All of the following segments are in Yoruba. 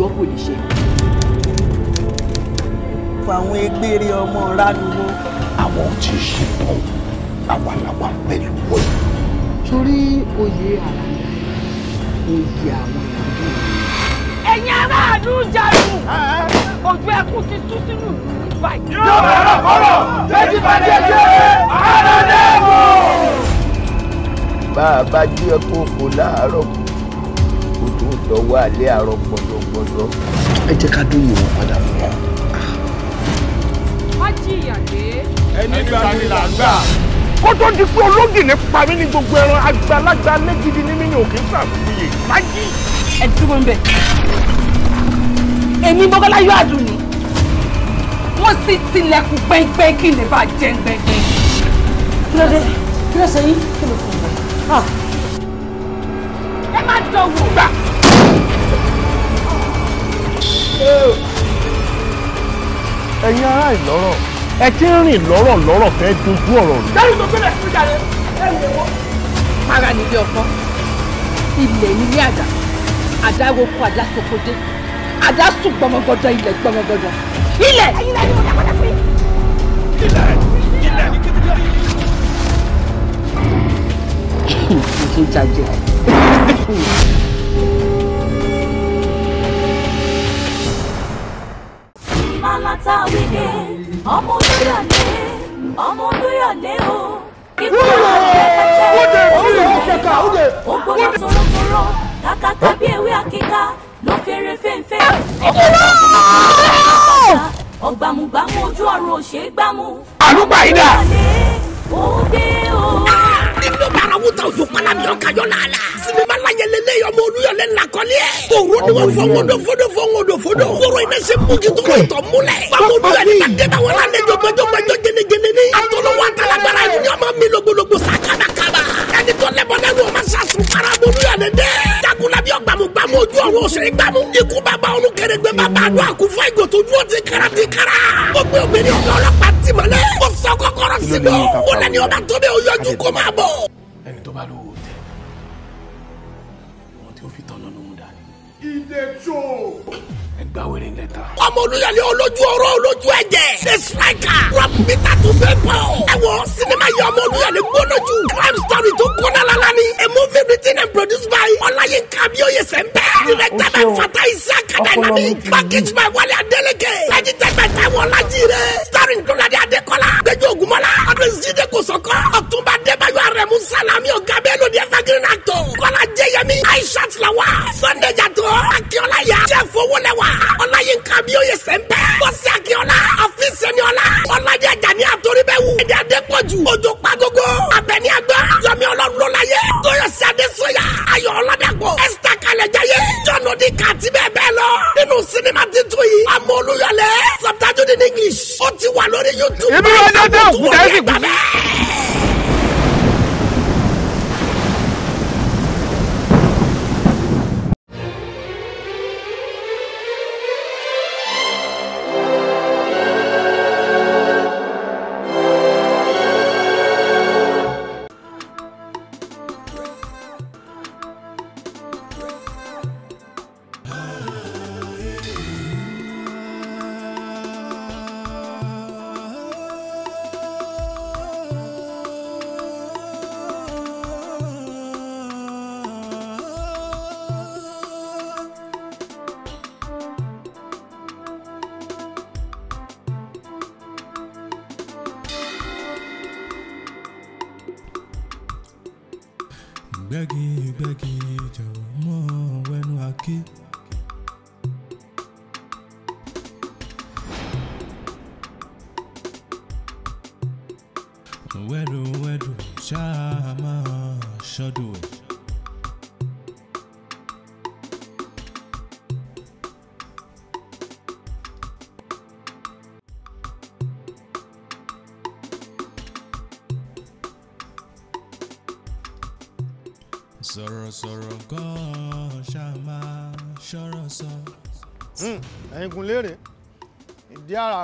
jọ kò lè ṣe. fàwọn egbére ọmọ ránuwó. àwọn ò tí ì ṣetán làwàlàwà pẹ̀lú wọn. torí oyè àlàyé oyè àwọn ìyàwó. ẹ̀yin aráàlú jaru ojú ẹkún ti tú sínú ìlú báyìí. yóò bẹ̀rẹ̀ kọ́rọ̀ jẹ́jì bàjẹ́ jẹ́ àdàdẹ́gbò. bá a bá jí ẹkún kò láàárọ̀ kùtù tó dọ̀wọ́ alẹ́ àárọ̀ pọ̀ gbọ́dọ̀ ẹ jẹ́ ká dóyè wọn padà fún wa. má jìyà dé. ẹni gba ni là ń gbà. kó tó di pé ológìní pa mí ní gbogbo ẹran àgbàlagbà lẹ́gidi ní mímí òkè sàfihàn lájì. ẹ dúró ń bẹ èmi bọ́kọ́lá yóò àdùn ni wọ́n sì tilẹ̀kùn pẹ́ńpẹ́ kí n lè bá jẹun gbẹ̀gbẹ̀. kí ló dé kí ló ṣe yín kí ló fún un bẹ́ẹ̀. ẹ má dọ̀wọ́. gbà ẹ̀yin ará ìlọ́rọ̀ ẹ ti ń rìn lọ́rọ̀ lọ́rọ̀ fẹ́ dojú ọ̀rọ̀ rẹ̀. lẹ́yìn tó gbélé fún ìjà rẹ ẹ̀rù ẹ̀wọ́. para nílé ọkọ ilẹ̀ nílé àdá àdá roko àdá sokodé àdá sùn gbọmọgbọdọ ilẹ̀ gbọmọgbọdọ ilẹ̀. ẹ̀yin lẹ́yìn mo dàgbọ́dọ̀ fún yín. ilẹ̀ ilẹ̀ ní kékeré. kí n tó jàjẹ́. ìmàlàta wíkẹ ọmọ olóyọlé ọmọ olóyọlé o ìkúlọ̀ rẹpẹtẹ olùkọ́ ó gbọ́dọ̀ tòrótòró kàkàkà bí ewé akíká ló fẹ́rẹ̀ fẹ́ǹfẹ́ ah! ọkọ̀ ìsọ̀kùnrin ọgbàmùgbàmù ojú ọ̀run òṣè gbàmù. àlùbà yìí dà. ó dé o. àrùn ló bára wúta òjò pálábì ọkà yọ làálàá sinima layɛlɛlɛ yɔ mɛ olu yɛlɛ lakɔli yɛ. koro ni wọn fɔ ŋodo fodo fɔ ŋodo fodo. koro in bɛ se mugi tó ma tɔ mu lɛ. bamuru yɛrɛ ka den na wala ne jɔ gbɛjɔ gbɛjɔ jeni jeni ni. a tolo wa tala gbara yi ɲɔgɔn mi logologo sa kaba kaba. ɛni tɔ lɛbɔ ne n'o ma sa sun fara bolu yɛrɛ dɛ. dagunlabi gbamu gbamu ojú ọ̀run ọ̀sẹ̀ gbamu. ikú bàbá olú kẹrẹgbẹ́ bàbá àdó àkúfọ́ ìgòtò dúró ti kara ti kara. ó gbé obìnrin ọ̀gá ọlọ́pàá tì mọ́lẹ̀. ó sọ kọ́kọ́rọ́ sí i bọ́. ó lẹ́ni ọba tó their job. gba wèrè ń lẹ́ta. ọmọ olùyàlẹ̀ olójú ọ̀rọ̀ olójú ẹ̀jẹ̀. the striker rob peter tó bẹ́ẹ̀ bọ̀. ẹ wọ sinimá yẹ ọmọ olùyàlẹ̀ gbọ́dọ̀ crime story tó kọ́nà lálá ni. a movie written and produced by ọláyínká abíọ́yè sẹ́ńpẹ́. Ah, directed by fata isa kadalami. packaged by wálé adélèké. by táwọn ọlájì rẹ. starring dọ́ládé adékọ́lá. gbẹjọ ògúnmọ́lá. ọdún jíde kò sọkọ. ọ̀túnba dẹ́bayọ̀ arẹ̀mú sálàmì ọ̀gá bẹ́ẹ̀ lóde fagrin náà tó. kọ́lá jẹ́yẹmí aishat lawa. sunday jàdó akíọ́lá yá. jẹ́ fowó lẹ́wà ọláyínká bí ó yẹ sẹ́ńpẹ́. bọ́sì akínọ́lá àfíìsì ẹniọ́lá ọ̀làjì ní àtòrí bẹ́ẹ̀ wù. ẹ̀dẹ̀ adépọ̀jù ojú pagogo abẹ́ni àgbọ̀ yọmi ọlọ́lọ́láyé tóyọ̀sí adésóyà ayọ̀ ọ̀làdàgbọ̀ ẹ̀sítà kalẹ̀jáyé jọ̀nù di kàtí bẹ́ẹ̀ bẹ́ẹ̀ lọ. nínú sinimá titun yìí àmọ́ olùyọlẹ̀ subtitled in English ó ti wà lórí YouTube. ibi wọn dẹ́tẹ̀ òkúta ẹ̀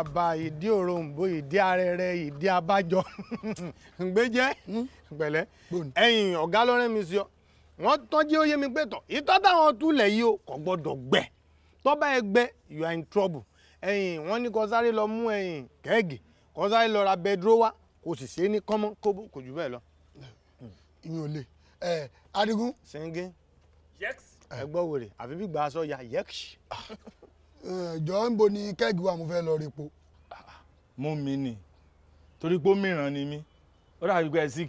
àbá ìdí òrombó ìdí arẹrẹ ìdí abájọ ǹgbẹ́jẹ́ hmm? pẹ̀lẹ́ ẹ̀yìn ọ̀gá lọ́rẹ́ mi sí ọ wọ́n tọ́jú ó mi pé tọ̀ ìtọ́ táwọn túlẹ̀ yìí ó kò gbọ́dọ̀ gbẹ tó bá you are in trouble ẹ̀yìn wọ́n ní kó sáré lọ mú ẹ̀yìn kẹ́ẹ̀gì kó sáré lọ ra bẹdúró wá kò sì ṣe é ní kánmọ́ kóbó kò jù bẹ́ẹ̀ lọ. ìyún ò lè ẹ adigun. sẹ́ńgẹ́ ẹ gbọ́ wèrè àfi bí gbà aṣọ ya yẹ́kṣì jọ ń bo ni kẹ́ẹ̀gì wa mo fẹ́ lọ repo. mú mi nì torí pé ó mìíràn ni mí ó dàbí pé ẹ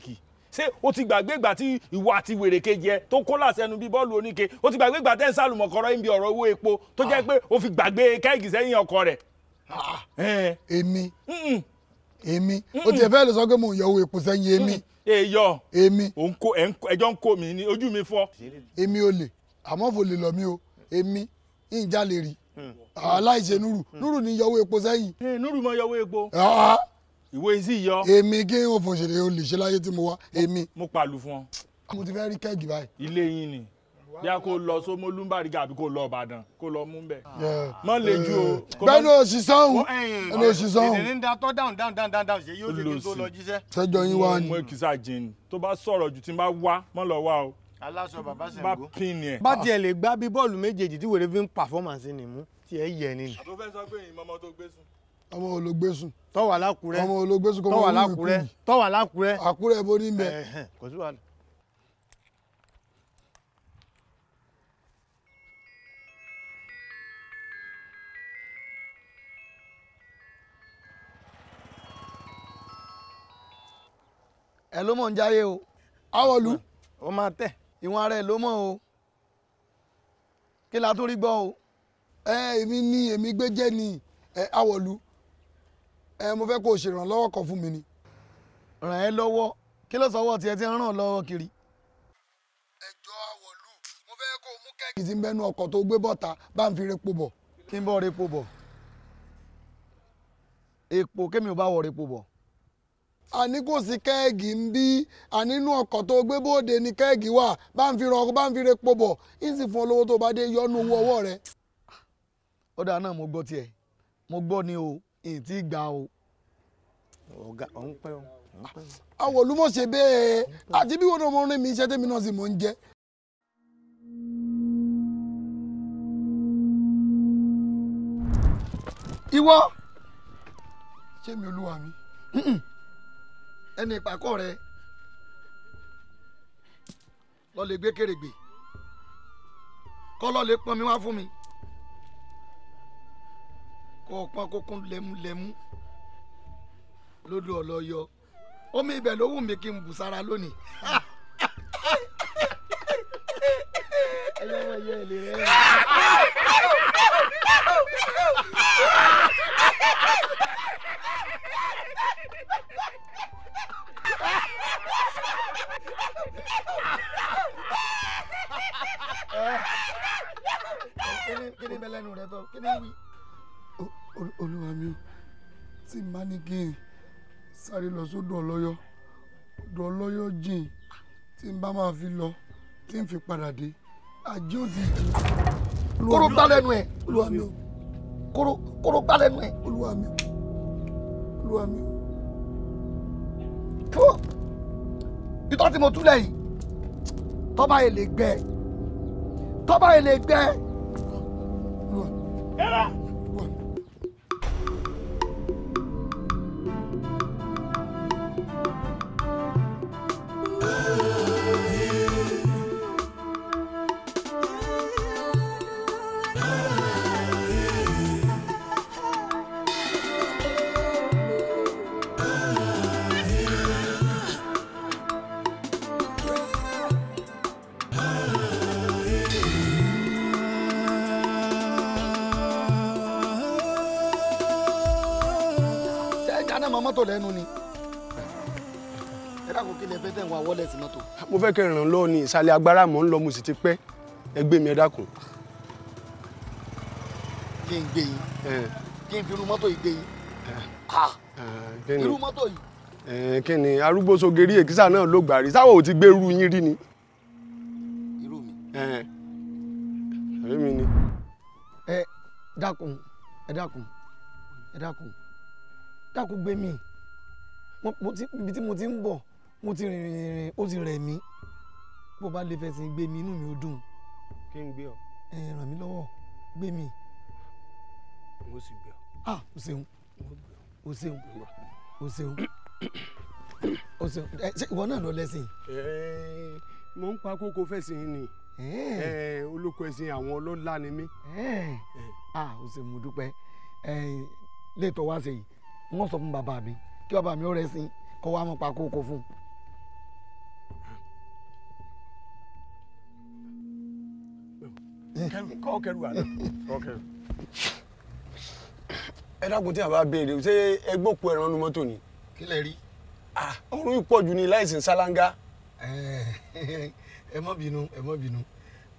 ṣé o ti gbàgbé ìgbà tí ìwọ àti wèrè kejì ẹ tó kó làṣẹnu bíi bọ́ọ̀lù oníke o ti gbàgbé ìgbà tẹ́ ń sàlùmọ̀kọ́rọ́ ń bi ọ̀rọ̀ owó epo tó jẹ́ pé o fi gbàgbé kẹ́ẹ̀gì sẹ́yìn ọkọ rẹ̀. Eh. èmi èmi o tiẹ̀ fẹ́ lè sọ pé mo yọ owó epo sẹ́yìn èmi. èyọ eh, èmi ẹjọ́ ń kó mi ní ojú mi fọ́. èmi ò lè àmọ́ fò lè lọ mí o èmi ń jalè rí aláìṣe ah, nuru hmm. nuru ni yọwọ epo sẹ́yìn. Hmm, nuru mọ yọwọ epo. Ah. ìwé sí yọ. èmi gé ń fòṣèré olè ṣe láyé tí mo wá èmi. mo pàlù fún ọ. Ah, mo ti fẹ́ rí kẹ́ẹ̀gì báyìí. ilé yín ni bí a kò lọ sómó lùmbàrígà àbí kò lọ Ìbàdàn kò lọ mú bẹ. mọ lè ju o. Eh. bẹ́ẹ̀ ni òṣìṣẹ́ ọ̀hún ẹni òṣìṣẹ́ ọ̀hún. èdè ń da tọ́ dáhùn dáhùn dáhùn dáhùn ṣe yóò ṣe kí n tó lọ jíṣẹ́. sẹ́jọ́ yín wá ni. mo kìsà jìn tó bá sọ̀rọ̀ ju tí n bá wá mọ́ lọ o aláṣọ bàbá ṣẹ̀ngó. bá pin ni ẹ. bá tiẹ̀ lè gbá bí bọ́ọ̀lù méjèèjì tí wèrè fi ń pàfọ́mànsì nì mú tiẹ̀ yẹ ni. àtúfẹ́ sọ pé ìmọ̀ ọmọ tó gbé sùn. ọmọ olóògbé sùn. tọ́wà lákùrẹ́ ọmọ olóògbé sùn kọ́ tọ́wà lákùrẹ́ tọ́wà lákùrẹ́. àkúrẹ́ bo ní bẹ. kò sí wàhálà. ẹ ló mọ̀ ń jáyé o. awọ́lu. ó máa tẹ̀ ìwọ̀n ara ẹ̀ ló mọ̀ o kí la tún rí gbọ́ o. ẹ èmi ni èmi gbé jẹ́ ni ẹ awọ̀lú ẹ mo fẹ́ kó o ṣèrànlọ́wọ́ kan fún mi ni. ràn ẹ́ lọ́wọ́ kí ló sọ́wọ́ tiẹ̀ ti ń ràn lọ́wọ́ kiri. ẹjọ́ awọ̀lú mo fẹ́ kó o mú kẹ́kì tí ń bẹ́nu tó gbé bọ́ta bá ń fi repo bọ̀. kí n bọ́ repo bọ̀ epo kémi ò bá wọ̀ repo bọ̀. àní kò sí kẹ́ẹ̀gì ń bí àní ọkọ̀ tó gbé bóde ni kẹ́ẹ̀gì wà bá ń fi ran ọkọ̀ bá ń fi repo bọ̀ ń sì fún tó bá dé yọnu owó rẹ. ó dáa náà mo gbọ́ tiẹ̀ mo gbọ́ ni o èyí tí gbà o. ọ̀gá pẹ́ o. àwọn olùmọ̀ọ́sẹ̀ bẹ́ẹ̀ àti bí wọn ẹni ìpàkọ́ rẹ lọ lè gbé kèrègbè kọ́ lọ lè pọn mi wá fún mi kọ́ pọn kókún lẹ́múlẹ́mú lódò ọlọ́yọ omi ibẹ̀ ló wù mí kí n bù sára lónìí. ẹyọ yẹ ẹ lè rẹ. Kini kini bẹ lẹ́nu rẹ tó kí ni wí. olúwa mi tí màá ní kí n sáré lọ sódò ọlọ́yọ́ odò ọlọ́yọ́ jìn tí n bá máa fi lọ tí n fi padà dé àjẹ́ òdì jù. kóró gbá lẹ́nu ẹ̀ olúwa mi o kóró kóró gbá lẹ́nu ẹ̀ olúwa mi o olúwa mi o ìtọ́ tí mo túlẹ̀ yìí tọ́ba yìí lè gbẹ tọ́ba yìí lè gbẹ. mọ́tò lẹ́nu ni ẹ dákun kí lè fẹ́ tẹ̀ ń wá wọ́lẹ̀ sí mọ́tò. mo fẹ́ kẹ́ ràn lọ́wọ́ ní ìsàlẹ̀ agbára mò ń lọ mo sì ti pẹ́ ẹ mi ẹ dákun. kí n gbé yín kí n fi irú mọ́tò yìí gbé yín irú mọ́tò yìí. kí ni arúgbó sogeri èkìsà náà ló gbà rí sáwọ́ ò ti gbé irú yín rí ni. irú mi. ẹ̀rí mi ni dákú gbé mi ibi tí mo ti ń bọ̀ mo ti rìn rìn rìn ó ti rẹ̀ mí bó bá lè fẹsẹ̀ gbé mi inú mi ó dùn. kí n gbé ọ. ẹ ràn mí lọ́wọ́ gbé mi. mo sì gbé ọ. ah o ṣeun o ṣeun o ṣeun o ṣeun ṣe ìwọ náà lọ lẹ́sìn. mo ń pa kókó fẹ̀sìn ni olóko ẹ̀sìn àwọn ọlọ́lá ni mí. ah o ṣeun mo dúpẹ́ lẹ́tọ̀ wá ṣe wọ́n sọ fún bàbá mi kí bàbá mi ó rẹ sí kó wá mú pa kókó fún un. kọ́ kẹrù àná kọ́ kẹrù. ẹ dákun tí a bá béèrè ṣé ẹgbẹ́ òkú ẹran nu mọ́tò ni. kí lẹ rí. ọrùn ìpọ̀jù ni láìsí ṣáláńgá. ẹ mọ́ bínú ẹ mọ́ bínú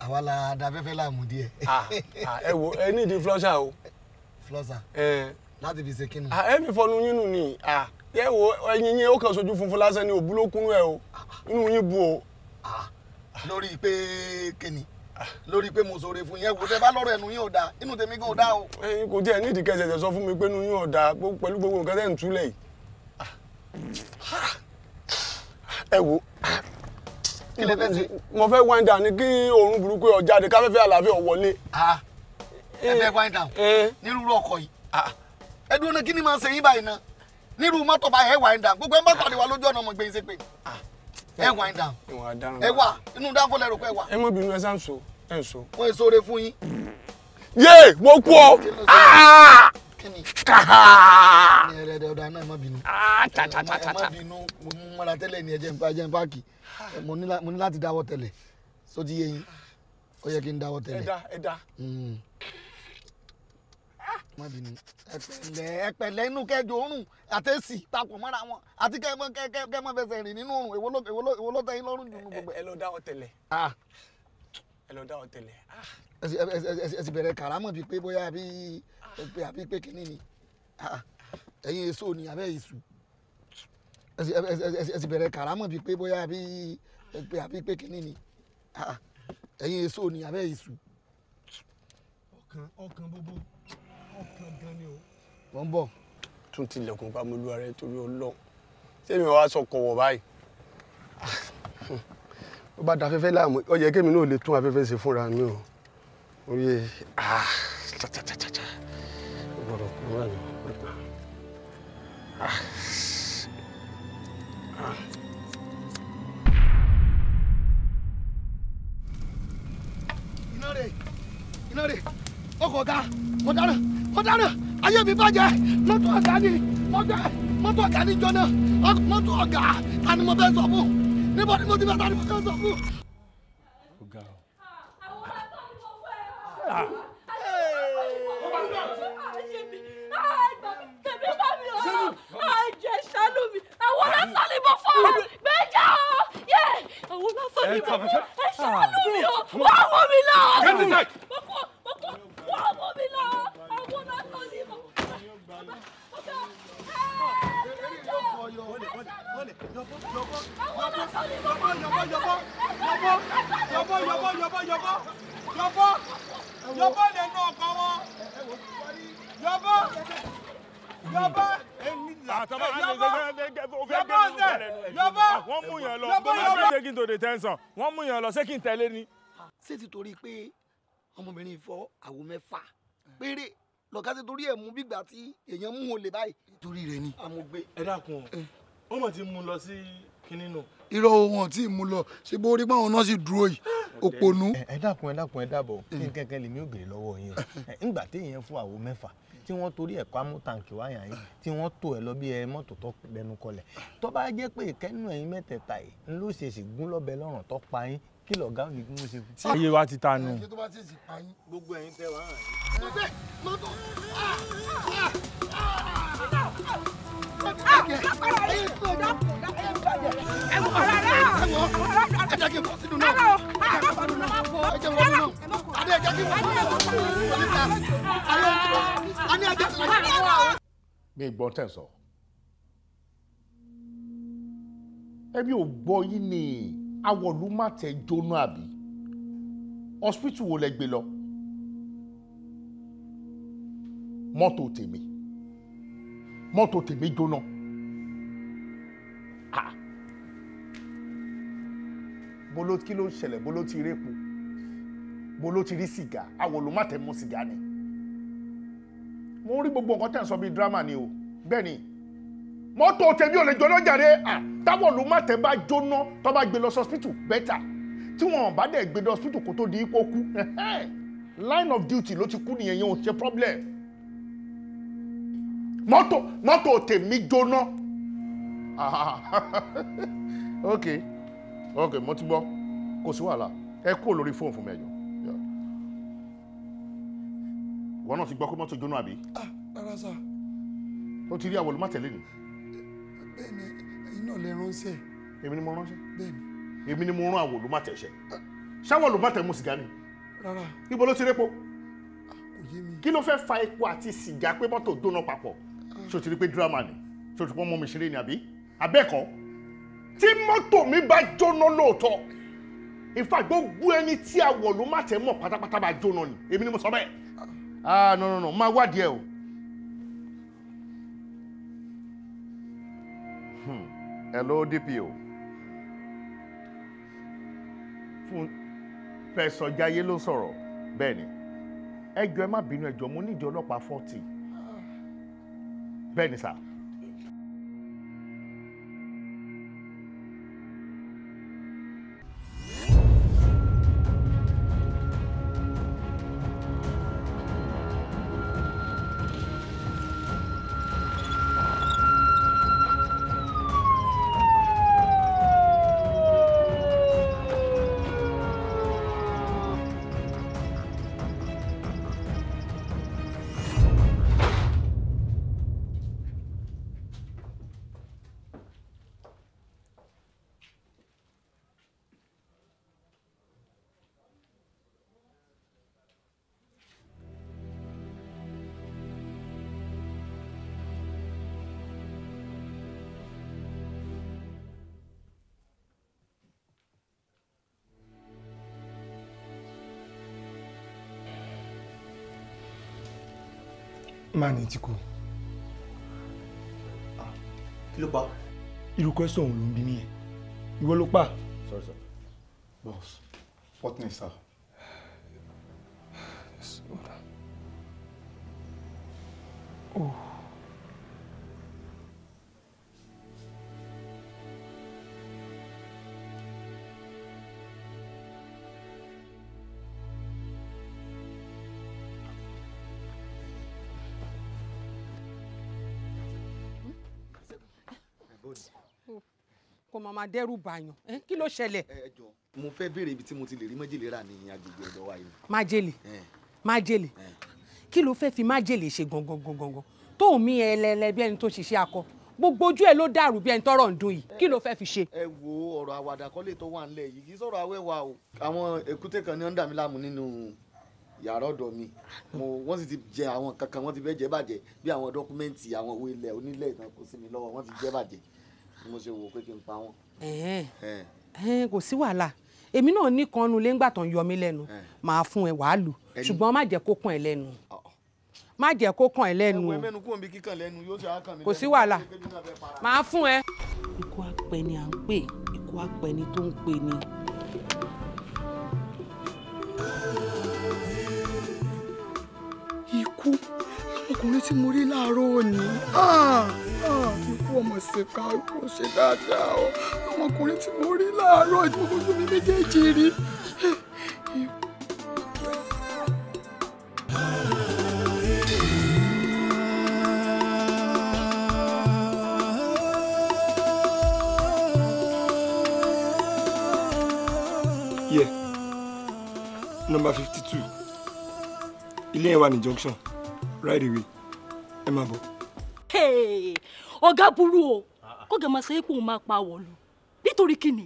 àwa la da fẹ́fẹ́ láàmú díẹ̀. ẹ wo ẹ ní ìdí flọ́ṣà o. flọ́ṣà láti fi ṣe kíni. Ah, ẹ fi fọnu yín nù ni ah, ẹ wo ẹyin yín ó kàn sojú funfun lásán ni òbú ló kúnú ẹ o ah, inú yín bu o. lórí pé kíni lórí pé mo sọ̀rọ̀ fún yẹn wò tẹ bá lọ́rọ̀ ẹnu yín ò dáa inú tèmi gan ò dáa o. ẹyin kò tiẹ̀ ní ìdíkẹ́ ṣẹ̀ṣẹ̀ sọ fún mi pé inú yín ò dáa pẹ̀lú gbogbo nǹkan tẹ̀ ń túlẹ̀ yìí. ẹ wo mo fẹ́ wind down ni kí oorun burúkú ó jáde káfẹ́fẹ́ àlàáfíà ó wọlé. ẹ fẹ́ wind down eh. nírúurú ọkọ̀ yìí. ẹdúró ní kí ni se ṣe ba ina n'iru nírú mọ́tò báyìí ẹ wind down gbogbo ẹ ń wa lójú ọ̀nà ọmọ gbẹ̀yìn pé ah, ẹ wind down ẹ wà inú dáńfọ́ lẹ́rù pé ẹ wà. ẹ mọ bínú ẹ sá ń so ẹ ń so. Ah! Ah, n má bínú. ẹpẹ̀lẹ́ ẹpẹ̀lẹ́ inú kẹjọ oorun àtẹsí papọ̀ mọ́ra wọn àti kẹmọ kẹmọ fẹsẹ̀ rìn nínú oorun èwo ló èwo ló tẹyin lọ́rùn jù gbogbo. ẹ lọ dá ọ tẹ́lẹ̀. ẹ lọ dá ọ tẹ́lẹ̀. ẹ sì bẹ̀rẹ̀ kàrámọ̀ bíi pé bóyá àbí pé kínní ni ẹ̀yin èso ni abẹ́ èso ẹ sì bẹ̀rẹ̀ kàrámọ̀ bíi pé bóyá àbí pé kínní ni ẹ̀yin èso ni abẹ́ èso. ọkàn ọkàn gbogbo ọkàn gan ni o. wọ́n bọ̀ tún tilẹ̀kùn bá mi lu ara ẹ torí ọlọ́run sẹ́mi wàá sọ kọ̀wọ̀ báyìí. ó bá da afẹ́fẹ́ láàmú ó yẹ kémi náà lè tún afẹ́fẹ́ ṣe fúnra mi o oye ah chachachacha ó gbọ́dọ̀ kú náà ni. ah ah. iná rè iná rè ọkọ̀ ọ̀gá mo dáná ọ̀daràn ayé mi bàjẹ́ mọ́tò ọ̀gá ni mọ́tò mọ́tò ọ̀gá ni jọ́nà mọ́tò ọ̀gá ta ni mo fẹ́ sọ fún níbo ni mo ti fẹ́ ta ni mo fẹ́ sọ fún. ọ̀gá o. Àjẹ ṣálù mi, àwọn lásán ni mo fọ́ ọ, gbẹ́jà ọ, yẹ, yọbọ lè nà ọkọ wọn yọbọ yọbọ àtàwọn àlejò yọbọ wọn mú yàn lọ bọ́lá yọbọ taking to the tension wọn mú yàn lọ ṣé kí n tẹ̀lé ni. ṣé ti torí pé ọmọbìnrin fọ àwo mẹ́fà péré lọ́ka ṣe torí ẹ̀ mú bígbà tí èèyàn mú olè báyìí. torí rẹ ni. àmọ̀gbé ẹ dákun ọ wọn mọ̀ tí mú lọ sí kinní nù. irọ́ wọn tí mú lọ ṣé bó rí báwọn náà sì dúró yìí òpònú. ẹ dákun ẹ dákun ẹ dábọ̀ kí n mm. kẹ́kẹ́ lèmi ò béèrè lọ́wọ́ yín o ńgbà téèyàn fún àwo mẹ́fà tí wọ́n torí ẹ̀kọ́ amútàǹkì wáyà yín tí wọ́n tò ẹ̀ lọ bí ẹ mọ́tò tó lẹnu kọlẹ̀ tó bá pé ìkẹ́nu ẹ̀yin mẹ́tẹ̀ẹ̀ta yìí ń ló ṣèṣì gún yín kí lọ̀gá mi kí wọ́n ṣe fún. ṣé iye wa ti ta nù. gbogbo ẹ̀yin tẹ wá mi gbọ́ tẹ̀sán ẹbí ò gbọ́ yín nìyí awọ̀lú má tẹ jóná àbí hospital wo lẹ gbé lọ mọ́tò tèmi mọ́tò tèmi jóná ah bolo kí ló ń ṣẹlẹ̀ bolo ti rí epo bolo ti rí sìgá awọ̀lú má tẹ mú sìgá ni mo ń rí gbogbo nǹkan tẹ̀ ń sọ bíi drama ni o bẹ́ẹ̀ ni mọ́tò tèmi ò lè jóná jàre à táwọn olùmọ̀tẹ́ bá jóná tó bá gbé lọ sọ́spítù bẹ́tà tí wọn bá dẹ̀ gbé lọ sọ́spítù kó tó di ipò kú line of duty ló ti kú nìyẹn yẹn ò ṣe problem mọ́tò mọ́tò tèmi jóná ok ok mo ti gbọ́ kò sí wàhálà ẹ kúrò lórí fóònù fún mi ẹ̀yọ́ wọn náà ti gbọ́ pé mọ́tò jóná àbí. ah rárá sá. ó ti rí àwọn olùmọ̀tẹ́lẹ̀ ni bẹ́ẹ̀ni ẹ̀yin náà lè ránṣẹ́. èmi ni mo ránṣẹ́. bẹ́ẹ̀ni. èmi ni mo rán àwọ̀ ló má tẹ̀ ṣẹ́ ṣáwọ̀ ló má tẹ̀ mu sìgá ni. rárá. ibo ló ti répo. Ah, kò yé mi. kí ló fẹ́ fa epo àti sìgá pé mọ́tò dóná papọ̀ ah. ṣé o ti rí pé dírámà ni ṣé o ti pọ́n mọ́ mi ṣeré ni àbí abẹ́ẹ̀kọ́ tí mọ́tò mi bá jóná lóòótọ́ in fact gbogbo ẹni tí àwọ̀ ló má tẹ̀ mọ̀ pátápátá bá jóná ni èmi ni mo sọ bẹ́ẹ̀ ah, ah no no no máa wádìí ẹ o hello DPO fún pẹ̀sọ̀ jayé ló sọ̀rọ̀ bẹ́ẹ̀ ni ẹjọ́ ẹ má bínú ẹjọ́ mo níjọ́ ọlọ́pàá forty bẹ́ẹ̀ ni sáà. Mani ti kú. Kí ló pa? Irú question òun ló ń bí mi yẹn. Ìwọ ló pa. Sorry sir. Boss, what next sir? kó máa máa dẹ́rù bàyàn kí ló ṣẹlẹ̀. mo fẹ́ béèrè ibi tí mo ti lè rí májèlé rà ní agbègbè ọ̀dọ̀ wa yìí. májèlé májèlé kí ló fẹ́ fi májèlé ṣe gangan gangan tó mi ẹlẹlẹ bí ẹni tó ṣiṣẹ́ akọ gbogbo ojú ẹ ló dàrú bí ẹni tọrọ ń dùn yìí kí ló fẹ́ fi ṣe. ẹ wo ọ̀rọ̀ àwàdà kọ́lé tó wà nílẹ̀ yìí kì í sọ̀rọ̀ awẹ́wà o àwọn èkúté kan ní ó ń dà mí láàmú nínú yàrá ọ̀dọ̀ mi wọ́n sì ti jẹ àwọn kankan wọ́n ti fẹ́ jẹ́ bàjẹ́ bí àwọn dọ́kúmẹ́ǹtì àwọn owó ilẹ̀ onílẹ̀ ìtàn kò sí mi lọ́wọ́ wọ́n ti jẹ́ bàjẹ́ mo ṣe wò pé kí n pa wọn. kò sí wàhálà èmi náà ní kan nu léńgbà tó ń yọ mí lẹ́nu màá fún ẹ wàá ṣùgbọ́n má jẹ́ kó kàn ẹ́ lẹ́nu má jẹ́ kó kàn ẹ́ lẹ́nu kò sí wàhálà màá fún ẹ. ikú apẹni à ń pè ikú apẹni tó ń pè ni. ikú ọkùnrin tí mo rí láàárọ̀ òní. Ah! ikú ọmọ ìṣèkà ikú ṣe dáadáa ọ ọmọkùnrin tí mo rí láàárọ̀ ìdúgbòjú mi méjèèjì rí. Yeah. Number fifty two ilé ẹ̀ wà ní junction right away ẹ máa bọ̀. Hey ọ̀gá burú o kọ́gà máa ṣe é pé òun máa pa àwọ̀ lù nítorí kíni.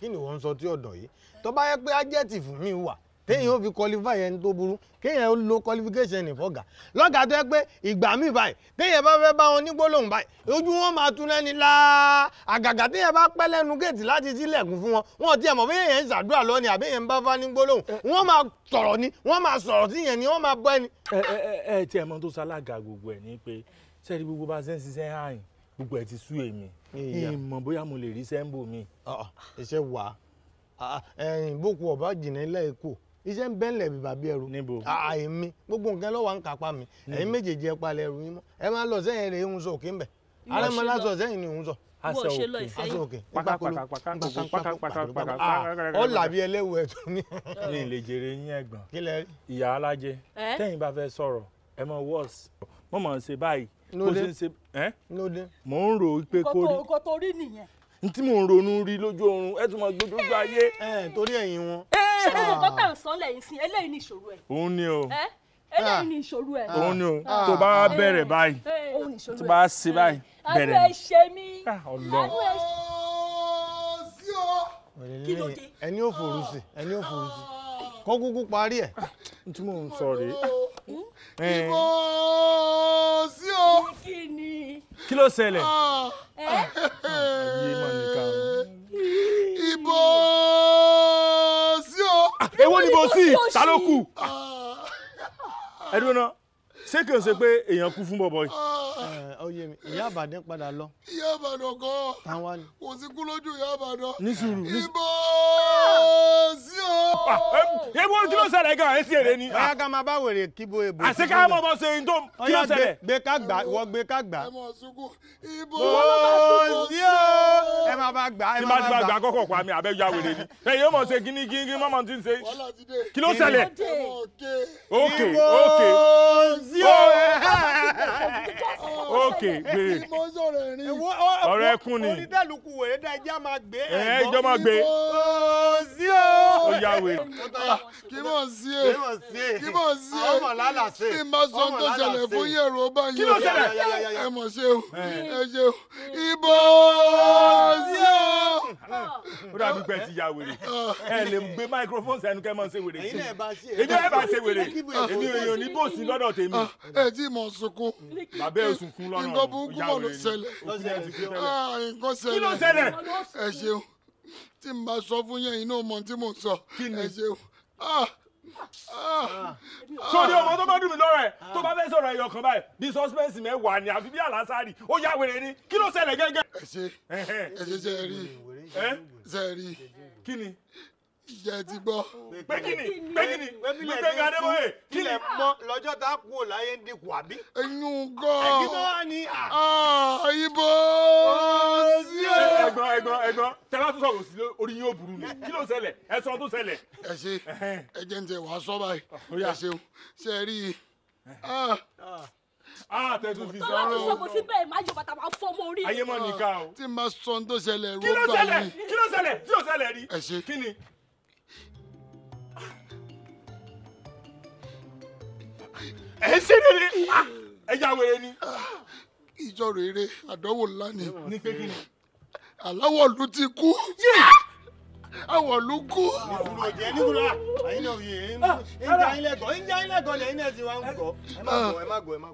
kí ni wọ́n ń sọ tí ọ̀dọ̀ yìí tó bá yẹ pé ájẹ́tì fún mi wà téèyàn ó fi qualify ẹni tó burú kéèyàn ó lo qualification ní fọ́gà lọ́gà tó yẹ pé ìgbà míì báyìí téèyàn bá fẹ́ bá wọn ní gbólóhùn báyìí ojú wọn máa tún lẹ́ni láà àgàgà téèyàn bá pẹ́ lẹ́nu géètì láti sílẹ̀kùn fún wọn wọn tiẹ̀ mọ̀ bóyá èèyàn ń ṣàdúrà lọ ni àbí èèyàn ń bá fá ní gbólóhùn wọn máa sọ̀rọ̀ ni wọn máa sọ̀rọ̀ sí yẹn ni wọn máa bọ́ ẹni. ẹ ẹ ẹ tiẹ̀ mọ tó ṣalága gbogbo ẹ̀ ní pé sẹ́ẹ̀dì gbogbo bá ṣe ń ṣiṣẹ́ àyìn gbogbo ẹ̀ ti sú èmi ìmọ̀ bóyá mo lè rí sẹ́ńbù mi. iṣẹ́ ah, ah, wà á ah, ẹ̀yìn bókù ọ̀bá jìnnà ilé ẹ̀kọ́ iṣẹ́ ń bẹ́ńlẹ̀ bíbà bí ẹrù àìmí gbogbo nǹkan lọ́wọ́ ń kápá mi ẹ̀yin méjèèjì ẹ palẹ̀ ẹrù yín mọ́ ẹ máa lọ sẹ́yìn rẹ̀ ń sọ òkè ń bẹ̀ arẹ́mọlá sọ sẹ́yìn ni òun sọ aṣọ òkè ọ làbí ẹlẹ́wù ẹ̀ tó ní. mi lè jèrè yín ẹ̀gbọ́n ìyá alájẹ tẹ́yìn bá fẹ́ sọ̀rọ̀ ẹ mọ wọ́ọ̀sì mo mọ̀ ń ṣe báyìí kó ṣe ń ṣe ẹ́ mo ń rò ó pé kó rí. kò tó rí nìyẹn. n tí mò ń ronú rí lójú oorun ẹ tún mọ gbójú ayé. torí ẹ̀yin wọn ṣé gbogbo nǹkan tá lẹ́yìn sí eléyìí ni ìṣòro ẹ̀. òun ni o ah. eléyìí ni ìṣòro ẹ̀. òun ni o ah. tó bá ah. bẹ̀rẹ̀ báyìí eh, eh, tó bá ṣe báyìí bẹ̀rẹ̀ ni. àlọ́ ẹ ṣe mí àlọ́ ẹ ṣe mí ẹni ò fòrú sí ẹni ò fòrú sí kó kúkú parí ẹ tí mò ń sọ rèé. Hmm? Eh. ìbò sí o. kí ló ṣẹlẹ̀. ìbò èwo ni mo sì ta ló kù ah. ẹdun náà ṣé kí n ṣe pé èèyàn kú fún bọ̀bọ̀ yìí. ọyẹ eh, mi ìyá àbàdàn padà lọ. ìyá àbàdàn kọ́ kò sí kú lójú ìyá àbàdàn. ní sùúrù ní sí o. Ah, ewu ojú ló ṣẹlẹ̀ gan ẹ̀ sí èrè ni. báyà ká máa bá wèrè kíbo èbò. àṣẹ ká mọ̀ bọ́ ṣe ń kí ló ṣẹlẹ̀. gbé ká gbà wọ gbé ká gbà. ẹ mọ̀ sunkún ìbò sí o. ẹ máa bá gbà ẹ máa bá gbà kọ́kọ̀ pa ti ń ṣe. kí ló ṣẹlẹ̀ sí o. Oh, oh, okay gbé ọ̀rọ̀ ẹkún ni. onídàlùkù wèrè dá ẹjẹ́ máa gbé. ẹ ẹjọ́ máa gbé. o sí o. ó yà wèrè. kí mò ń sí e kí mò ń sí e ọmọ lálà sí. kí n bá sọ tó ṣẹlẹ̀ fún yẹ̀rọ báyìí. kí ló ṣẹlẹ̀. ẹ mọ̀ ṣe o ẹ ṣe o ibo o sí o. ó dàbí pé ẹ ti ya wèrè ah. ẹ lè gbé microphone sẹ́nu kẹ́ mọ̀ ṣe wèrè. èyí náà ẹ bá ṣe wèrè èmi ò ní bòsí lọ́dọ̀ tèmi ẹ tí mọ̀ sunkún. bàbá ẹ sunkún lọ́nà nǹkan burúkú mọ̀ ló ṣẹlẹ̀ ah, nǹkan ṣẹlẹ̀ kí ló ṣẹlẹ̀. ẹ ṣeun tí n bá sọ fún yẹn inú ọmọ tí mò sọ ẹ ṣeun. Ah, ah, sórí ọmọ tó bá dùn mí lọ́rọ̀ tó bá fẹ́ sọ̀rọ̀ ẹ̀yọ̀ kan báyìí bí sọ́spẹ́ǹsì mẹ́wàá ni àfi bí àlásàrì ó yá wèrè ni kí ló ṣẹlẹ̀ gẹ́gẹ́. ẹ ṣe ẹ ṣe ṣe rí ṣe rí. kí ni jẹ ti gbọ́. pẹ́kìnì pẹ́kìnì gbẹ̀ngà adébóyè kílẹ̀ mọ́ lọ́jọ́ tá a kú ò láyé ń dínkù àbí. ẹ̀yìn gan. ẹ̀yìn gan wà ní à. ìbò sí ẹ. ẹ̀gbọ́n ẹ̀gbọ́n ẹ̀gbọ́n tẹ́lá tó sọ̀rọ̀ sí orí yóò burú ni kí ló ṣẹlẹ̀ ẹ sọ tó ṣẹlẹ̀. ẹ ṣe ẹ jẹ́ ń tẹ wàá sọ báyìí ẹ ṣeun ṣe rí i ah tẹ̀sùn fi sọ̀rọ̀ o. tọ́lá ti sọ̀kò síbẹ̀ máa jẹ bàtà máa fọ́ ọmọ orí. ayé mọ̀ nìkan o. tí n bá sọ ohun tó ṣẹlẹ̀ rọ́gbà mi. kí ló ṣẹlẹ̀ kí ló ṣẹlẹ̀ tí ò ṣẹlẹ̀ rí. ẹ ṣe kí ni. ẹ ṣe rere ah, ẹ ya wèrè ni. ìjọ rere àdánwò ńlá ni aláwọ̀ ló ti kú. Yeah. awọ ló gún. ìfúró jẹ nígbà àyìn náà yé ń jẹ ayín lẹgọ ń jẹ ayín lẹgọ lẹ́yìn náà ti wá ń ẹ má ẹ má ẹ má